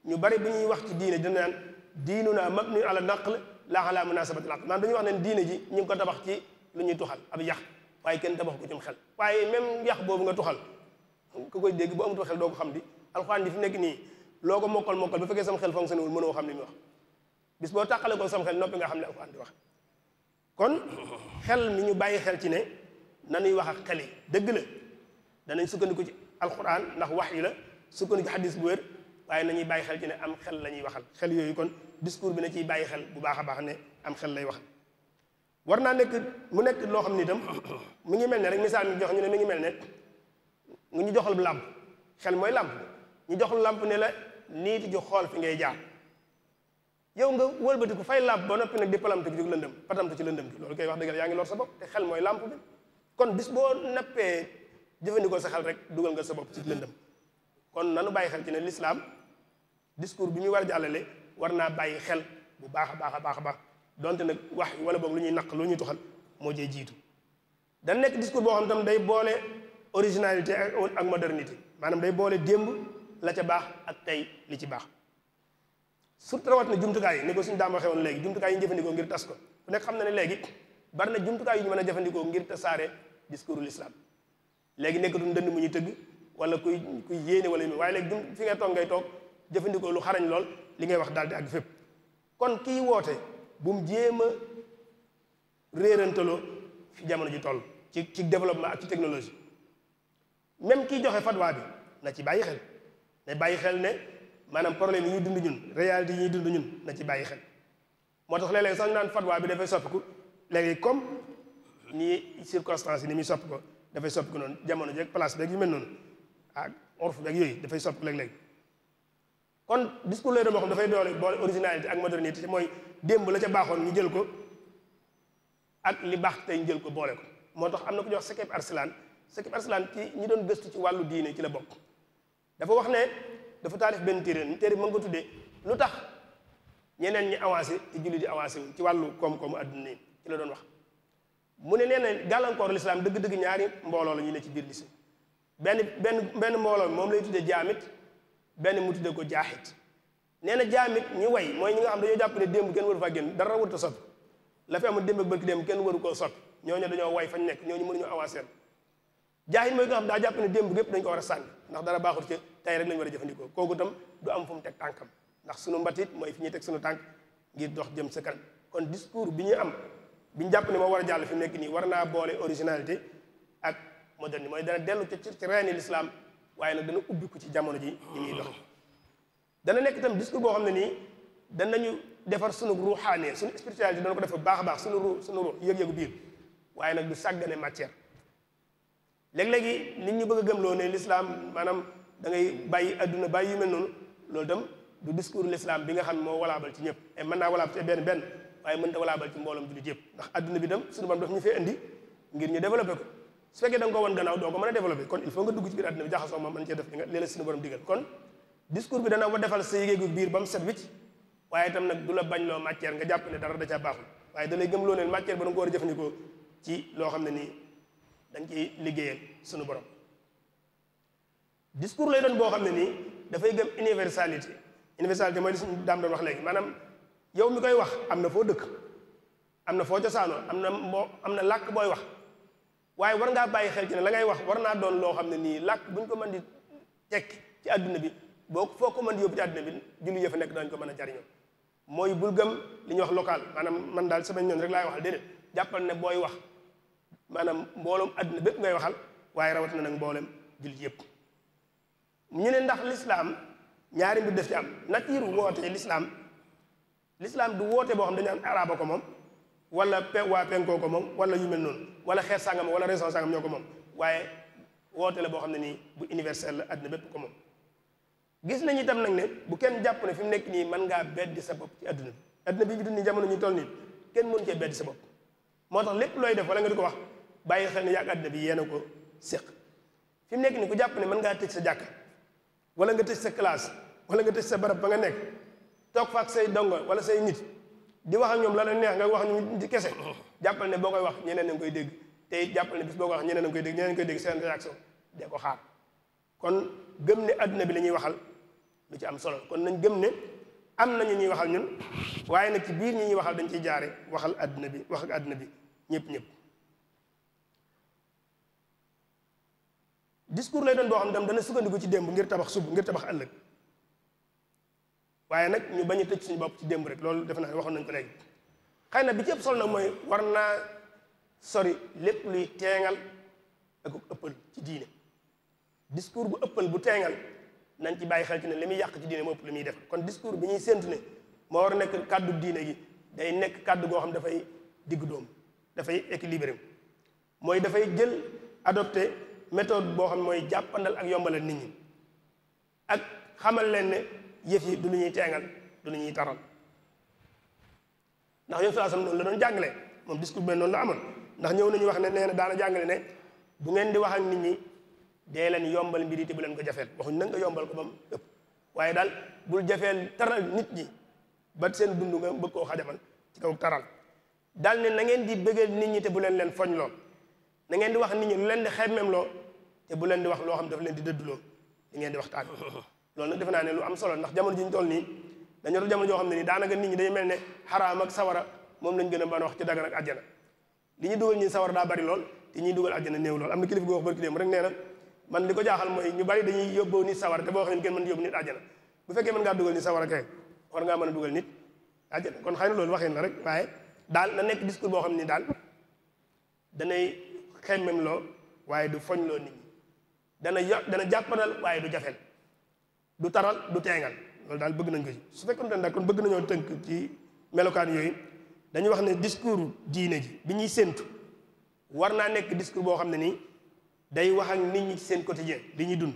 ñu bari bu ñuy wax ci diine dina naan diinu naa mag nu ala naql laa ala munasabati al aql maanaam dañuy wax ne diine ji ñu ngi ko tabax ci lu ñuy tuxal ab yax waaye kenn tabax ko ci xel waaye même yax boobu nga tuxal ku koy dégg bu amutu xel doo ko xam di alxuraan di fi nekk nii loo ko mokkal mokkal bu fekkee sam xel fonctionné wul mënoo xam li muy wax bis boo tàqale ko sam xel noppi nga xam ne alxuraan di wax kon xel mi ñu bàyyi xel ci ne nanuy wax ak xel yi dëgg la danañ sukkandiku ci alxuraan ndax wax yi la sukkandiku ci xadis bu wér waaye bàyyi xel ci ne am xel la ñuy waxal xel yooyu kon discours bi na ciy bàyyi xel bu baax a baax ne am xel lay waxal war naa nekk mu nekk loo xam ne itam mi ngi mel ne rek misaal mi jox ñu ne mi ngi mel ne ñu joxal làmp xel mooy làmp ñu jox làmp ne la nii niiti ju xool fi ngay jaar yow nga ko fay làmp ba noppi nag di palamte ci lëndëm patamte ci lëndëm loolu koy wax dëgg yaa ngi lor sa bopp te xel mooy làmp bi kon bis boo nappee jëfandikoo sa xel rek dugal nga sa bopp ci lëndëm kon nanu bàyyi xel ci ne lislaam discours bi muy war a jàllale war naa bàyyi xel bu baax a baax a baax a baax donte nag wax wala boog lu ñuy naq lu ñuy tuxal moo jee jiitu da nekk discours boo xam tam day boole originalité ak modernité maanaam day boole démb la ca baax ak tey li ci baax surtout rawat na jumtukaay yi ni ko suñu daam waxee woon léegi jumtukaay yi ñu jëfandikoo ngir tas ko ku nekk xam na ne léegi bari na jumtukaay yu ñu mën a jëfandikoo ngir tasaare discoursul islam léegi du ndënd mu ñuy tëgg wala kuy kuy yéene wala yu waaye léegi jum fi nga toog ngay toog jëfandikoo lu xarañ lool li ngay wax daal ak àgg kon kii woote bu mu jéem a réerantaloo fi jamono ji toll ci ci développement ci technologie même kiy joxe fatwa na ci bàyyi day bàyyi xel ne maanaam problème yi ñuy dund ñun réalité yi ñuy dund ñun na ci bàyyi xel moo tax léeg-léeg sax ñu naan fatwa bi dafay soppiku léegi comme ñi circonstances yi ni muy soppi ko dafay soppiku noonu jamono jeeg place beeg yu mel noonu ak orf beeg yooyu dafay soppiku léeg-léeg kon discours lay doon boo dafay doole boole originalité ak modernité mooy démb la ca baaxoon ñu jël ko ak li baax tey ñu jël ko boole ko moo tax am na ku ñuy wax Sekeb Arsalan Sekeb Arsalan ci ñi doon gëstu ci wàllu diine ci la bokk dafa wax ne dafa taalif benn téere ni téere mën nga tuddee lu tax ñeneen ñi avancé te julli di avancé wu ci wàllu koom-koomu adduna yi la doon wax mu ne nee na gàllankooru lislaam dëgg-dëgg ñaari mbooloo la ñu ne ci biir lislaam benn benn benn mbooloo moom lay tuddee jaamit benn mu tuddee ko jaaxit nee na jaamit ñi way mooy ñu nga xam dañoo jàpp démb kenn waru faa génn dara warut a soppi la fi amul démb ak dem démb kenn waru koo ñoo ñooñu dañoo way fañ nekk ñooñu mënuñu avancer jaahit mooy daa jàpp ne démb gépp dañ ko war a ndax dara baaxul ci tey rek lañu war a jëfandikoo kooku itam du am fu mu teg tànkam ndax sunu mbatiit mooy fi ñuy teg sunu tànk ngir dox jëm sa kon discours bi ñu am bi ñu jàpp ne moo war a jàll fi nekk nii war naa boole originalité ak moderne mooy dana dellu ci ci reeni lislaam waaye nag dana ubbiku ci jamono ji ni muy dox dana nekk itam discours boo xam ne nii danañu defar sunu ruuxaanee sunu spiritualité dana ko defar baax a baax sunu ru sunu ruux yëg-yëgu biir waaye nag du sàggane matière léeg-léegi ñi bëgg a ne lislaam maanaam da ngay bàyyi adduna bàyyi yu mel noonu loolu itam du discours l'islam bi nga xam ne moo walaabal ci ñëpp et mën naa walaabal ci benn benn waaye mën ta walaabal ci mbooloom jullit yëpp ndax adduna bi itam suñu borom daf ñu fee indi ngir ñu développé ko su fekkee da nga ko wan gannaaw doo ko mën a développé kon il faut nga dugg ci biir adduna bi jaxasoo moom mën cee def li nga léeg suñu borom digal kon discours bi dana defal sa yégeegu biir ba mu set wicc waaye itam nag du la bañ loo matière nga jàpp ne dara da caa baaxul waaye da lay gëm loo neen matière ba da nga ko war loo xam ne nii dañ ciy liggéeyal suñu borom discours lay doon boo xam ne nii dafay gëm universalité universalité mooy li suñu daam doon wax léegi maanaam yow mi koy wax am na foo dëkk am na foo cosaanoo am na moo am na làkk booy wax waaye war ngaa bàyyi xel ci ne la ngay wax war naa doon loo xam ne nii làkk bu ñu ko mën di tekki ci àdduna bi boo foo ko mën di yóbbu ci àdduna bi julli yëfa nekk daañu ko mën a jariñoo mooy bul gëm li ñuy wax local maanaam man daal sama ñoon rek laay waxal déedéet jàppal ne booy wax maanaam mbooloom àdduna bépp ngay waxal waaye rawat nag mbooleem yëpp ñu ne ndax lislaam ñaari mbir def ci am natiiru woote lislaam lislaam du woote boo xam dañu am araaba ko moom wala pe waa penkoo ko moom wala yu mel noonu wala xeet sàngam wala région sàngam ñoo ko moom waaye woote la boo xam ne nii bu universel la àddina bépp ko moom gis nañu itam nag ne bu kenn jàpp ne fi mu nekk nii mën ngaa beddi sa bopp ci àdduna bi àdduna bi ñu nii jamono ñi toll nii kenn mënu cee beddi sa bopp moo tax lépp looy def wala nga di ko wax bàyyi xel ne yàgg àdduna bi yéen a ko séq fi mu nekk nii ku jàpp ne mën ngaa tëj sa jàkka wala nga tëj sa classe wala nga tëj sa barab ba nga nekk toog fa say dongo wala say nit di waxal ak ñoom la la neex nga wax ñu di kese jàppal ne boo koy wax ñeneen na nga koy dégg te it jàppal ne bis ñeneen nga koy dégg ñeneen koy dégg seen réaction de ko xaar kon gëm ne àddina bi la ñuy waxal lu ci am solo kon nañ gëm ne am nañu ñuy waxal ñun waaye nag ci biir ñuy waxal dañ ciy jaare waxal àddina bi wax ak bi ñëpp ñëpp discours lay doon boo xam ne dana sukkandiku ci démb ngir tabax sub ngir tabax ëllëg waaye nag ñu bañ a tëj suñu bopp ci démb rek loolu def naa waxoon nañ ko léegi xëy na bi ci ëpp solo nag mooy war naa sori lépp luy teengal ak ëppal ci diine discours bu ëppal bu teengal nañ ci bàyyi xel ci ne li muy yàq ci diine moo ëpp li muy def kon discours bi ñuy séntu ne moo war a nekk kàddu diine gi day nekk kàddu goo xam dafay digg doom dafay équilibré mooy dafay jël adopté méthode boo xam mooy jàppandal ak yombalal nit ñi ak xamal leen ne yëf yi du lu ñuy teengal du lu ñuy taral ndax yow salaasam noonu la doon jàngale moom discours bi noonu amoon ndax ñëw nañu wax ne nee na daana jàngale ne bu ngeen di wax ak nit ñi dee leen yombal mbir yi te bu leen ko jafeel waxuñ na nga yombal ko moom mu ëpp waaye daal bul jafeel taral nit ñi ba seen dund nga bëgg koo xajamal ci kaw taral daal ne na ngeen di bëggal nit ñi te bu leen leen foñ lool na ngeen di wax nit ñi lu leen di xemmeem loo te bu leen di wax loo xam daf leen di dëdduloo li ngeen di waxtaan loolu nag defe naa ne lu am solo ndax jamono ji ñu toll nii dañoo jamono joo xam ne nii daanaka nit ñi day mel ne xaraam ak sawara moom lañ gën a ban wax ci dagan ak àjjana li ñuy dugal ñi sawara daa bari lool te ñuy dugal àjjana néew lool am na kilifa gu wax nee na man li ko jaaxal mooy ñu bari dañuy yóbboo nit sawara te boo xam ne kenn mën yóbbu nit àjjana bu fekkee mën ngaa dugal nit sawara kay war ngaa mën a dugal nit àjjana kon xëy na loolu waxin la rek waaye daal na nekk discours boo xam ne daal danay xemmem loo waaye du foñ loo nit dana yo dana jàppandal waaye du jafeel du taral du teengal loolu daal bëgg nañ ko ci su fekkoon ne nag kon bëgg nañoo tënk ci melokaan yooyu dañuy wax ne discours diine ji bi ñuy séentu war naa nekk discours boo xam ne nii day wax ak nit ñi ci seen quotidien li ñuy dund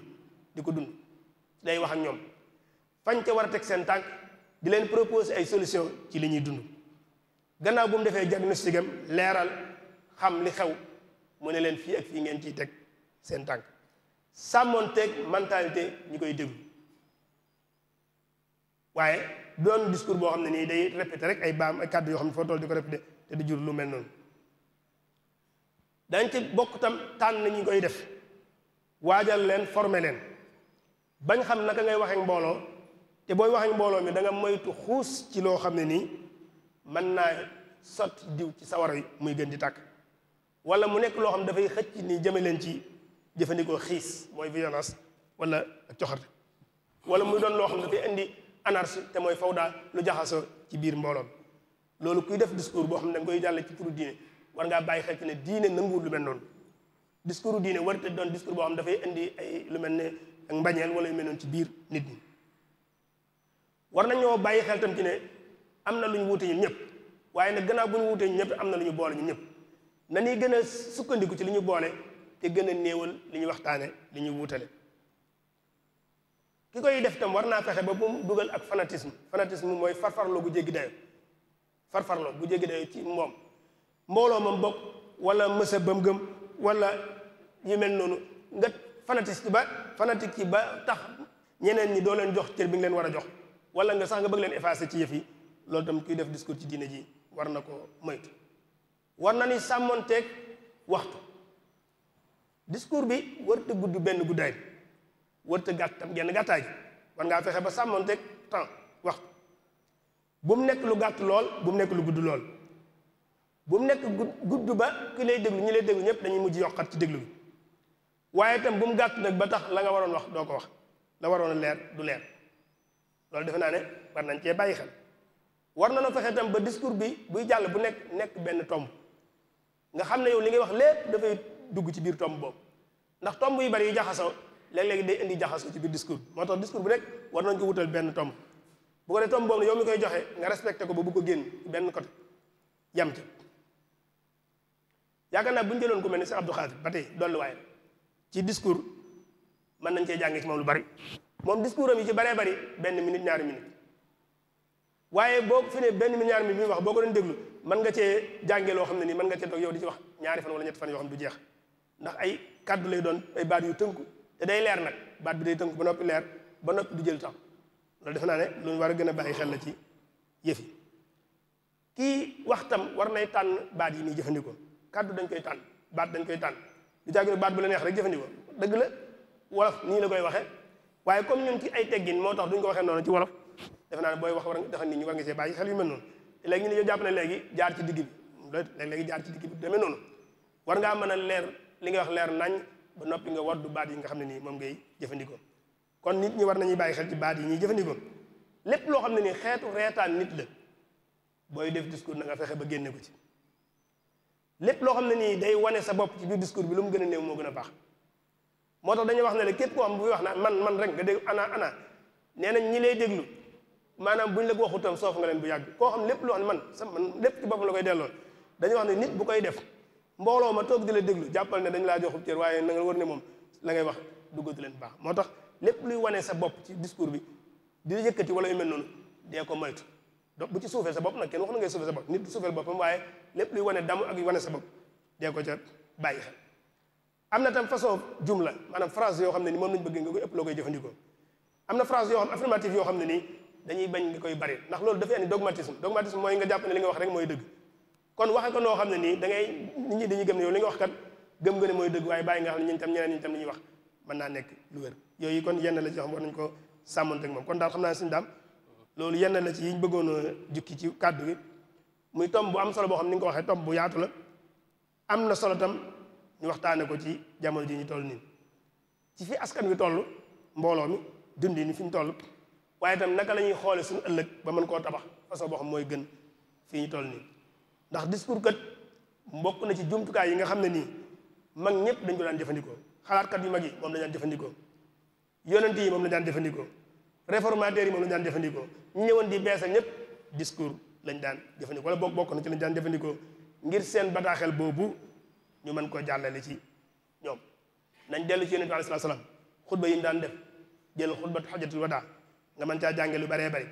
di ko dund day wax ak ñoom fañ ca war a teg seen tànk di leen proposer ay solution ci li ñuy dund gannaaw bu mu defee diagnostic am leeral xam li xew mu ne leen fii ak fii ngeen ciy teg seen tànk teg mentalité ñu koy déglu waaye doon discours boo xam ne nii day répété rek ay baam ay kàddu yoo xam ne foo dool di ko répété te di jur lu mel noonu dañ ci bokk tànn na ñu koy def waajal leen former leen bañ xam naka ngay waxee mbooloo te booy waxee mbooloo mi danga nga moytu xuus ci loo xam ne nii mën naa sot diw ci sawara yi muy gën di tàkk wala mu nekk loo xam dafay xëcc nii jëme leen ci jëfandikoo xiis mooy violence wala ak coxarte wala muy doon loo xam ne dafay indi anarchie te mooy fawda lu jaxasoo ci biir mbooloom loolu kuy def discours boo xam ne da koy jàll ci turu diine war ngaa bàyyi xel ci ne diine nanguwul lu mel noonu discours diine warate doon discours boo xam ne dafay indi ay lu mel ne ak mbañeel wala yu mel noonu ci biir nit ñi war nañoo bàyyi xel tam ci ne am na lu ñu wuute ñun ñëpp waaye nag gannaaw bu ñu wuutee ñun ñëpp am na lu ñu boole ñun ñëpp na gën a sukkandiku ci li ñu boole te gën a néewal li ñu waxtaane li ñu wuutale ki koy def tam war naa fexe ba bu mu dugal ak fanatisme fanatisme mooy farfarloo bu jéggi dayo farfarloo bu jéggi dayo ci moom mbooloo mam bokk wala mësa bëm-gëm wala yu mel noonu nga fanatiste ba fanatique yi ba tax ñeneen ñi doo leen jox cër bi nga leen war a jox wala nga sax nga bëgg leen effacer ci yëf yi loolu tam kuy def discours ci diine ji war na ko moytu war na ni sàmmonteeg waxtu discours bi warut gudd benn guddaay warut a gàtt tam genn gàttaay war ngaa fexe ba sàmmoon sàmmanteeg temps wax bu mu nekk lu gàtt lool bu mu nekk lu gudd lool bu mu nekk gudd ba ki lay déglu ñi lay déglu ñëpp dañuy mujj yokkat ci déglu bi waaye tam bu mu gàtt nag ba tax la nga waroon wax doo ko wax la waroon a leer du leer loolu defe naa ne war nañ cee bàyyi xel war na na fexe itam ba discours bi buy jàll bu nekk nekk benn tomb nga xam ne yow li ngay wax lépp dafay dugg ci biir tomb boobu ndax tomb yi bari yu jaxasoo léeg-léeg day indi jaxasoo ci biir discours moo tax discours bu nekk war nañ ko wutal benn tomb bu ko dee tomb boobu koy joxe nga respecté ko ba bu ko génn benn côté yam ci yaakaar naa bu ñu jëloon ku mel ni si Abdou Khadir ba tey dolluwaayam ci discours mën nañ cee jàngee ci moom lu bari moom discours am yi ci baree bari benn minute ñaari minute waaye boo fi ne benn minute ñaari minute bi wax boo ko doon déglu mën nga cee jàngee loo xam ne nii mën nga cee toog yow di ci wax ñaari fan jeex ndax ay kàddu lay doon ay baat yu tënku te day leer nag baat bi day tënku ba noppi leer ba noppi du jël temps loolu defe naa ne lu war a gën a bàyyi xel la ci yëf yi kii waxtam war nay tànn baat yi muy jëfandikoo kàddu dañ koy tànn baat dañ koy tànn du jàggi ne baat bu la neex rek jëfandikoo dëgg la wolof nii la koy waxee waaye comme ñun ci ay teggin moo tax duñ ko waxee noonu ci wolof defe naa ne booy wax war nga defal nit ñi war nga see bàyyi xel yu mel noonu léegi ñu ne jàpp na léegi jaar ci digg bi léeg-léegi jaar ci digg bi demee noonu war ngaa mën a leer li nga wax leer nañ ba noppi nga waddu baat yi nga xam ne nii moom ngay jëfandikoo kon nit ñi war nañuy bàyyi xel ci baat yi ñuy jëfandikoo lépp loo xam ne nii xeetu reetaan nit la booy def discours na fexe ba génne ko ci lépp loo xam ne nii day wane sa bopp ci biir discours bi lu mu gën a néew moo gën a baax moo tax dañuy wax ne la képp koo xam buy wax na man man rek nga dégg ana ana nee nañ ñi lay déglu maanaam bu la ko waxutam soof nga leen bu yàgg koo xam lépp loo xam ne man sa man lépp ci boppam la koy delloo dañuy wax ne nit bu koy def mbooloo ma toog di la déglu jàppal na dañ laa joxub cër waaye na nga war ne moom la ngay wax duggatu leen baax moo tax lépp luy wane sa bopp ci discours bi di la yëkkati wala yu mel noonu dee ko moytu donc bu ci suufee sa bopp nag kenn wax na ngay suufee sa bopp nit suufeel boppam waaye lépp luy wane damu ak wane sa bopp dee ko ca bàyyi xel am na tam façon jumla maanaam phrase yoo xam ne ni moom lañ bëgg nga koy ëpp loo koy jëfandikoo am na phrase yoo mooy nga kon waxe ko noo xam ne nii da nit ñi dañuy gëm ne yow li nga wax kat gëm nga ne mooy dëgg waaye bàyyi nga xam ne ñun tam ñeneen ñi tam li ñuy wax mën naa nekk lu wér yooyu kon yenn la ci xam war nañ ko sàmmonte ak moom kon daal xam naa suñu daam loolu yenn la ci yiñ ñu a jukki ci kàddu gi muy tomb bu am solo boo xam ni nga ko waxee tomb bu yaatu la am na solo tam ñu waxtaane ko ci jamono ji ñu toll nii ci fi askan wi toll mbooloo mi dundi ni fi ñu toll waaye tam naka la ñuy xoole suñu ëllëg ba mën koo tabax façon boo mooy gën fii ñu toll nii ndax discours kat mbokk na ci jumtukaay yi nga xam ne nii mag ñëpp dañ ko daan jëfandikoo xalaatkat yu mag yi moom la daan jëfandikoo yonent yi moom la daan jëfandikoo réformateur yi moom la daan jëfandikoo ñu di beesal ñëpp discours lañ daan jëfandikoo wala bokk bokk na ci lañ daan jëfandikoo ngir seen bataaxel boobu ñu mën koo jàllale ci ñoom nañ dellu ci yonent bi alayhi salaam xutba yi mu daan def jël xutbat xajatul wadaa nga mën caa jànge lu baree bari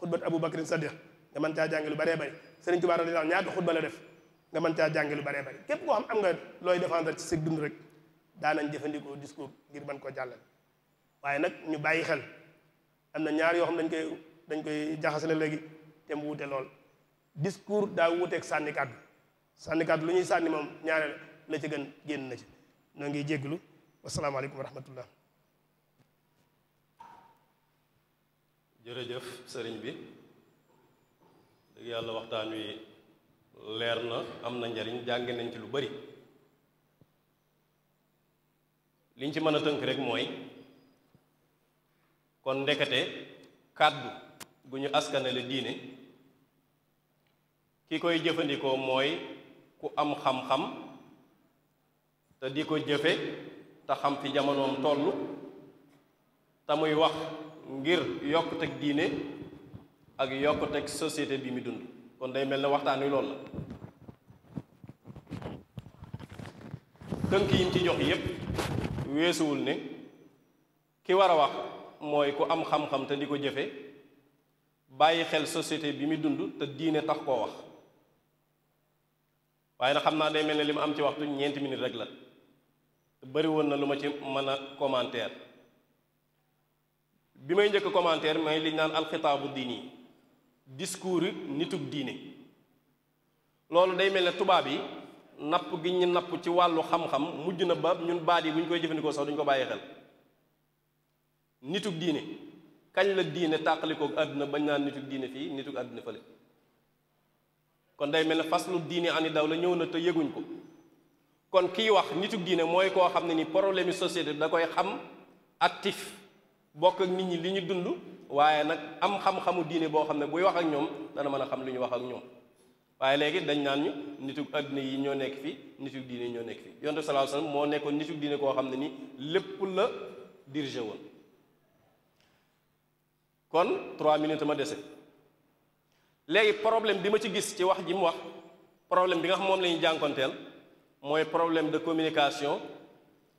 xutbat Abu Bakrin Sadiq nga mën caa jànge lu baree bari Sëriñ Tuubaa radiyallaahu anhu ñaata xutba la def nga mën caa jànge lu baree bari képp koo xam nga looy défendre ci sëg dund rek daanañ jëfandikoo discours ngir mën koo jàllale waaye nag ñu bàyyi xel am na ñaar yoo xam dañ koy dañ koy jaxasale léegi te mu wuute lool discours daa wuuteeg sànni kàddu sànni kàddu lu ñuy sànni moom ñaareel la ci gën génn na ci noo ngi jégglu wasalaamaaleykum wa rahmatullah jërëjëf sëriñ bi dëgg yàlla waxtaan wi leer na am na njariñ jànge nañ ci lu bari liñ ci mën a tënk rek mooy kon ndekete kàddu gu ñu askanale diine ki koy jëfandikoo mooy ku am xam-xam te di ko jëfe te xam fi jamonoom toll te muy wax ngir yokkute diine ak yokk yokkuteg société bi muy dund kon day mel ne waxtaan wi loolu la tënk yim ci jox yépp weesuwul ne ki war a wax mooy ku am xam-xam te di ko jëfe bàyyi xel société bi muy dund te diine tax koo wax waaye na xam naa day mel ne li ma am ci waxtu ñeenti minutes rek la bëri woon na lu ma ci mën a commentaire bi may njëkk commentaire may liñ naan alxitaabu diini discours nitug diine loolu day mel ne tubaab yi napp gi ñu napp ci wàllu xam-xam mujj na ba ñun baat yi bu ñu koy jëfandikoo sax duñ ko bàyyi xel nitug diine kañ la diine tàqalikoog àdduna bañ naan nitug diine fii nitug àdduna fële kon day mel ne lu diine ani daw la ñëw na te yëguñ ko kon kiy wax nitug diine mooy koo xam ne ni problème yi société da koy xam actif bokk ak nit ñi li ñu dund waaye nag am xam-xamu diine boo xam ne buy wax ak ñoom dana mën a xam lu ñu wax ak ñoom waaye léegi dañ naan ñu nitu àddina yi ñoo nekk fii nitu diine yi ñoo nekk fi yonte sallallahu alayhi wasallam moo nekkoon nitu diine koo xam ne ni lépp la dirigé woon kon trois minutes ma dese léegi problème bi ma ci gis ci wax ji mu wax problème bi nga xam moom la ñuy jànkonteel mooy problème de communication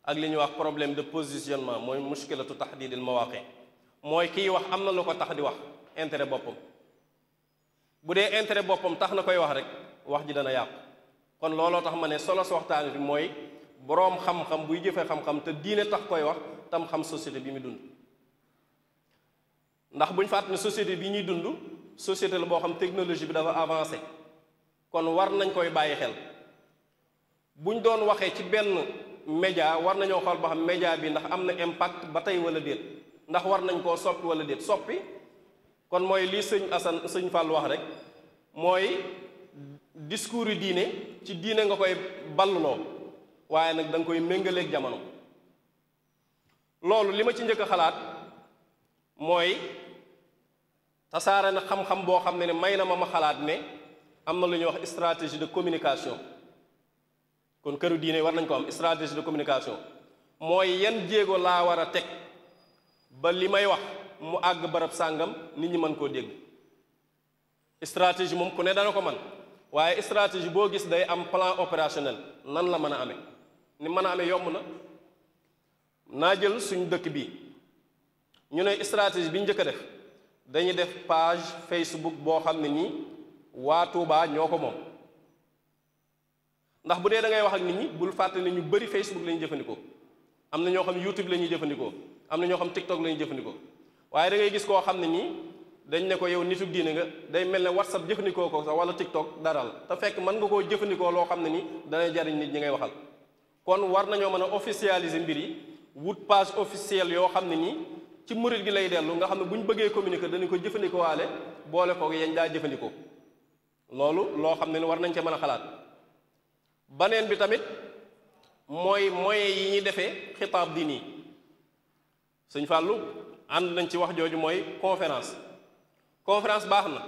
ak li ñu wax problème de positionnement mooy mushkilatu ma mawaqi mooy kiy wax am na lu ko tax di wax intérêt boppam bu dee intérêt boppam tax na koy wax rek wax ji dana yàqu kon looloo tax ma ne solo si waxtaan bi mooy boroom xam buy jëfee xam-xam te diine tax koy wax tam xam bi muy dund ndax buñ fàtt ne société bi ñuy dund société la boo xam technologie bi dafa avancé kon war nañ koy bàyyi xel buñ doon waxee ci benn média war nañoo xool boo xam média bi ndax am na impact ba tey wala déet ndax war nañ koo soppi wala de soppi kon mooy lii sëñ Assane sëñ Fall wax rek mooy discours diine ci diine nga koy balluloo waaye nag danga koy méngaleek jamono loolu li ma ci njëkk a xalaat mooy tasaare na xam-xam boo xam ne ne may na ma ma xalaat ne am na lu ñuy wax stratégie de communication kon këru diine war nañ ko am stratégie de communication mooy yan jéego laa war a teg ba li may wax mu àgg barab sàngam nit ñi mën koo dégg stratégie moom ku ne dana ko man waaye stratégie boo gis day am plan opérationnel nan la mën a ame ni mën a amee yomb na naa jël suñu dëkk bii ñu ne stratégie bi njëkk a def dañuy def page Facebook boo xam ne nii waa Touba ñoo ko moom ndax bu dee da ngay wax ak nit ñi bul fàtte ne ñu bëri Facebook la jëfandikoo am na ñoo xam ne YouTube la ñuy jëfandikoo am na ñoo xam TikTok la ñu jëfandikoo waaye da ngay gis koo xam ne nii dañ ne ko yow nitu diine nga day mel ne WhatsApp jëfandikoo ko sax wala TikTok dara la te fekk mën nga koo jëfandikoo loo xam ne nii danay jariñ nit ñi ngay waxal kon war nañoo mën a officialiser mbir yi wut page officielle yoo xam ne nii ci murit gi lay dellu nga xam ne bu ñu bëggee communiquer dañu ko jëfandikoo waale boole koog yañ daa jëfandikoo loolu loo xam ne ni war nañ ca mën a xalaat baneen bi tamit mooy moyens yi ñuy defee xitaab diini sëñ Fàllu ànd nañ ci wax jooju mooy conférence conférence baax na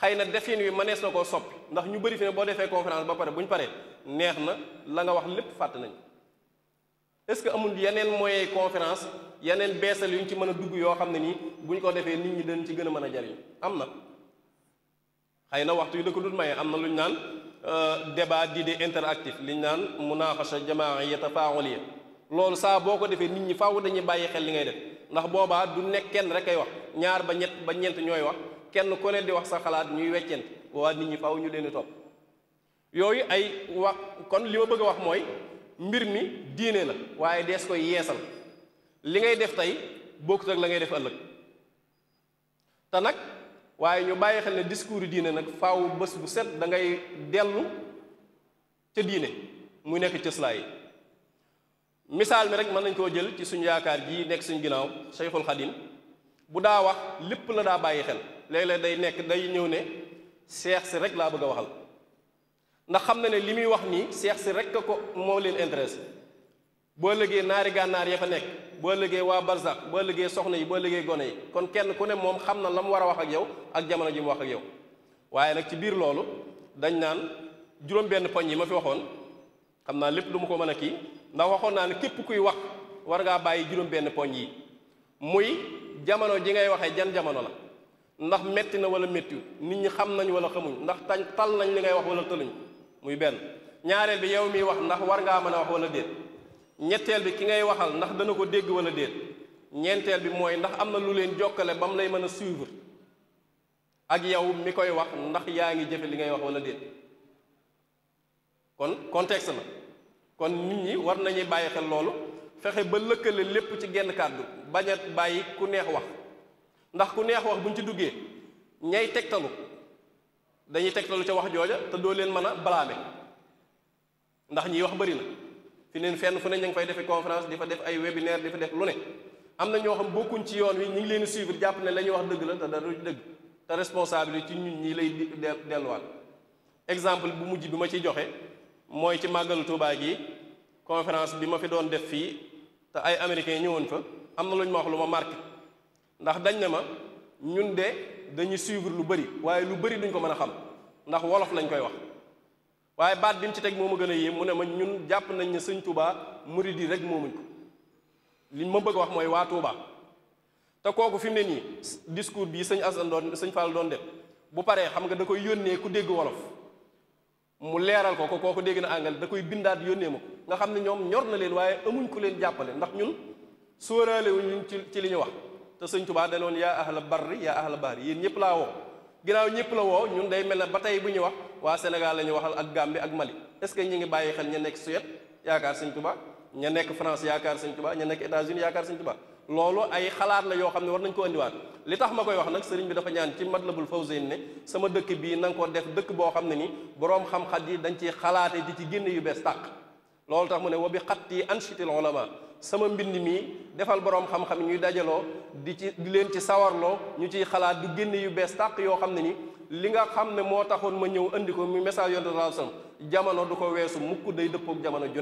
xëy na defin wi mënees na koo soppi ndax ñu bëri fi ne boo defee conférence ba pare bu ñu paree neex na la nga wax lépp fàtt nañ est-ce que amul yeneen moyen conférence yeneen beesal yu ñu ci mën a dugg yoo xam ne nii bu ñu ko defee nit ñi dañ ci gën a mën a jariñ am na xëy na waxtu yi da ko dul maye am na lu ñu naan euh, débat d'idées interactif li ñu naan munaaxasha jamaaiya tafaaxuliya loolu saa boo ko defee nit ñi faw dañuy bàyyi xel li ngay def ndax boobaa du nekk kenn rek ay wax ñaar ba ñett ba ñeent ñooy wax kenn ku leen di wax sa xalaat ñuy weccent boobaa nit ñi faw ñu leen di topp yooyu ay wax kon li ma bëgg a wax mooy mbir mi diine la waaye dees koy yeesal li ngay def tey bokkut ak la ngay def ëllëg te nag waaye ñu bàyyi xel ne discours yu diine nag faw bës bu set da ngay dellu ca diine mu nekk cëslaay yi misaal mi rek mën nañ koo jël ci suñu yaakaar gi nekk suñu ginnaaw Cheikhul Khadim bu daa wax lépp la daa bàyyi xel léeg-léeg day nekk day ñëw ne seex si rek laa bëgg a waxal ndax xam na ne li muy wax nii seex si rek ko moo leen intéressé boo lëgee naari gànnaar ya fa nekk boo lëgee waa Barzak boo lëgee soxna yi boo lëgee gone yi kon kenn ku ne moom xam na la mu war a wax ak yow ak jamono ji mu wax ak yow waaye nag ci biir loolu dañ naan juróom poñ yi ma fi waxoon xam naa lépp du ko mën a kii ndax waxoon naa ne képp kuy wax war ngaa bàyyi juróom-benn poñ yi muy jamono ji ngay waxee jan jamono la ndax metti na wala méttiwut nit ñi xam nañ wala xamuñ ndax tañ tal nañ li ngay wax wala tëluñ muy benn ñaareel bi yow miy wax ndax war ngaa mën a wax wala déet ñetteel bi ki ngay waxal ndax dana ko dégg wala déet ñeenteel bi mooy ndax am na lu leen jokkale ba mu lay mën a suivre ak yow mi koy wax ndax yaa ngi jëfe li ngay wax wala déet kon contexte la kon nit ñi war nañuy bàyyi xel loolu fexe ba lëkkale lépp ci genn kàddu bañ bàyyi ku neex wax ndax ku neex wax buñ ci duggee ñay tegtalu dañuy tegtalu ca wax jooja te doo leen mën a balaame ndax ñi wax bëri na fi neen fenn fu ne ñu ngi fay defee conférence di fa def ay webinaire di fa def lu ne am na ñoo xam bokkuñ ci yoon wi ñu ngi leen di suivre jàpp ne lañuy wax dëgg la te dara du dëgg te responsabilité ci ñun ñi lay delluwaat exemple bu mujj bi ma ciy joxe mooy ci màggalu Tuubaa gi conférence bi ma fi doon def fii te ay américains ñëwoon fa am na lu ñu ma wax lu ma marqué ndax dañ ne ma ñun de dañuy suivre lu bëri waaye lu bëri duñ ko mën a xam ndax wolof lañ koy wax waaye baat bi mu ci teg moo ma gën a yéem mu ne ma ñun jàpp nañ ne sëñ Tuubaa murid rek moomuñ ko li ma bëgg a wax mooy waa Tuubaa te kooku fi mu ne nii discours bii sëñ Assane sëñ Fall doon def bu paree xam nga da koy yónnee ku dégg wolof mu leeral ko ko kooku dégg na àngal da koy bindaat yónnee ma ko nga xam ne ñoom ñor na leen waaye amuñ ko leen jàppale ndax ñun sóoraale wuñ ñun ci ci li ñu wax te sëñ Tuubaa da doon yaa ahla barri yaa ahla bahri ñëpp laa woo ginnaaw ñëpp la woo ñun day mel ne ba tey bu ñu wax waa Sénégal la ñu waxal ak Gambie ak Mali est-ce que ñu ngi bàyyi xel ña nekk Suède yaakaar sëñ Tuubaa ña nekk France yaakaar sëñ Tuubaa ña nekk États-Unis yaakaar sañ Tuubaa loolu ay xalaat la yoo xam ne war nañ ko andiwaat li tax ma koy wax nag sëriñ bi dafa ñaan ci matlabul fawzayn ne sama dëkk bii na ko def dëkk boo xam ne ni boroom xam-xat yi dañ ciy xalaate di ci génne yu bees tàq loolu tax mu ne wa bi xatti anchitil ulama sama mbind mii defal boroom xam-xam ñuy dajaloo di ci di leen ci sawarloo ñu ciy xalaat di génne yu bees tàq yoo xam ne ni li nga xam ne moo taxoon ma ñëw indi ko mu message yonte sallallahu alayhi jamono du ko weesu mukk day dëppook jamono ju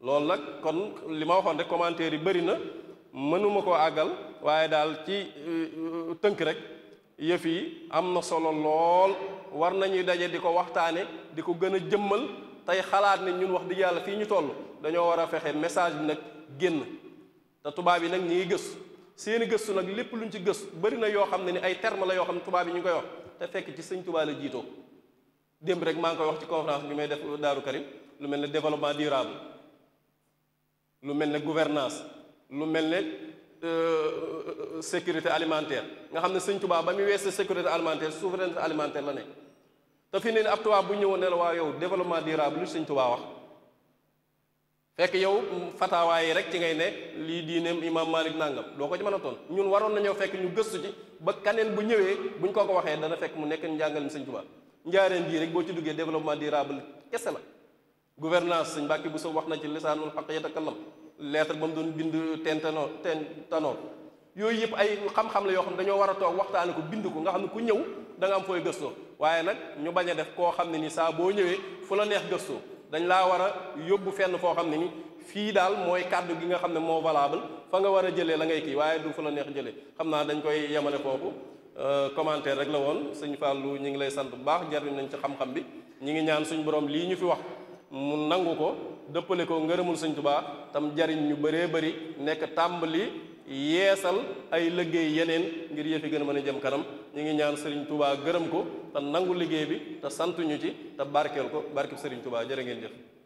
loolu nag kon li ma waxoon rek commentaire yi bëri na mënuma ko àggal waaye daal ci euh, tënk rek yëf yi am na solo lool war nañuy daje di ko waxtaane di ko gën a jëmmal tey xalaat ne ñun wax dëgg yàlla fii ñu toll dañoo war a fexe message bi nag génn te tubaab yi nag ñi ngi gëstu seeni gëstu nag lépp luñ ci gës bari na yoo xam ne ni ay terme la yoo xam ne tubaab yi ñu koy wax te fekk ci sëñ tubaab la jiitoo démb rek maa ngi koy wax ci conférence bi may def Daaru Karim lu mel ne développement durable lu mel ne gouvernance lu mel ne euh, euh, sécurité alimentaire nga xam ne sëñ Tuubaa ba muy weesee sécurité alimentaire souveraineté alimentaire la ne te fi ne ab tubaab bu ñëwoon ne la waa yow développement durable lu sëñ Tuubaa fekk yow fataawaay yi rek ci ngay ne lii diineem imaam Malik nangam doo ko ci mën ñun waroon nañoo fekk ñu gëstu ci ba kaneen bu ñëwee buñ ko ko waxee dana fekk mu nekk njàngalim sëñ Tuubaa njaareen jii rek boo ci duggee développement durable kese la sëñ Mbàkke bu so wax na ci lisaanul xaq yatakallam lettre ba mu doon bind tentano tentanoon yooyu yëpp ay xam-xam la yoo xam ne dañoo war a toog waxtaane ko bind ko nga xam ne ku ñëw da nga am fooy waaye nag ñu bañ a def koo xam ne ni saa boo ñëwee fu la neex gëstoo dañ laa war a yóbbu fenn foo xam ne ni fii daal mooy kàddu gi nga xam ne moo valable fa nga war a jëlee la ngay kii waaye du fu la neex jëlee xam naa dañ koy yemale foofu euh, commentaire rek la woon sëñ Fallou ñu ngi lay sant bu baax jariñ nañ ci xam-xam bi ñu ngi ñaan suñu borom lii ñu fi wax mu nangu ko dëppale ko ngërëmul sëñ tubaa tam jariñ ñu bëree bari nekk tàmbali yeesal ay liggéey yeneen ngir yëf yi gën a mën a jëm kanam ñu ngi ñaan sëriñ tubaa gërëm ko te nangu liggéey bi te santuñu ci te barkeel ko barkeb sëriñ tubaa jërë ngeen jëf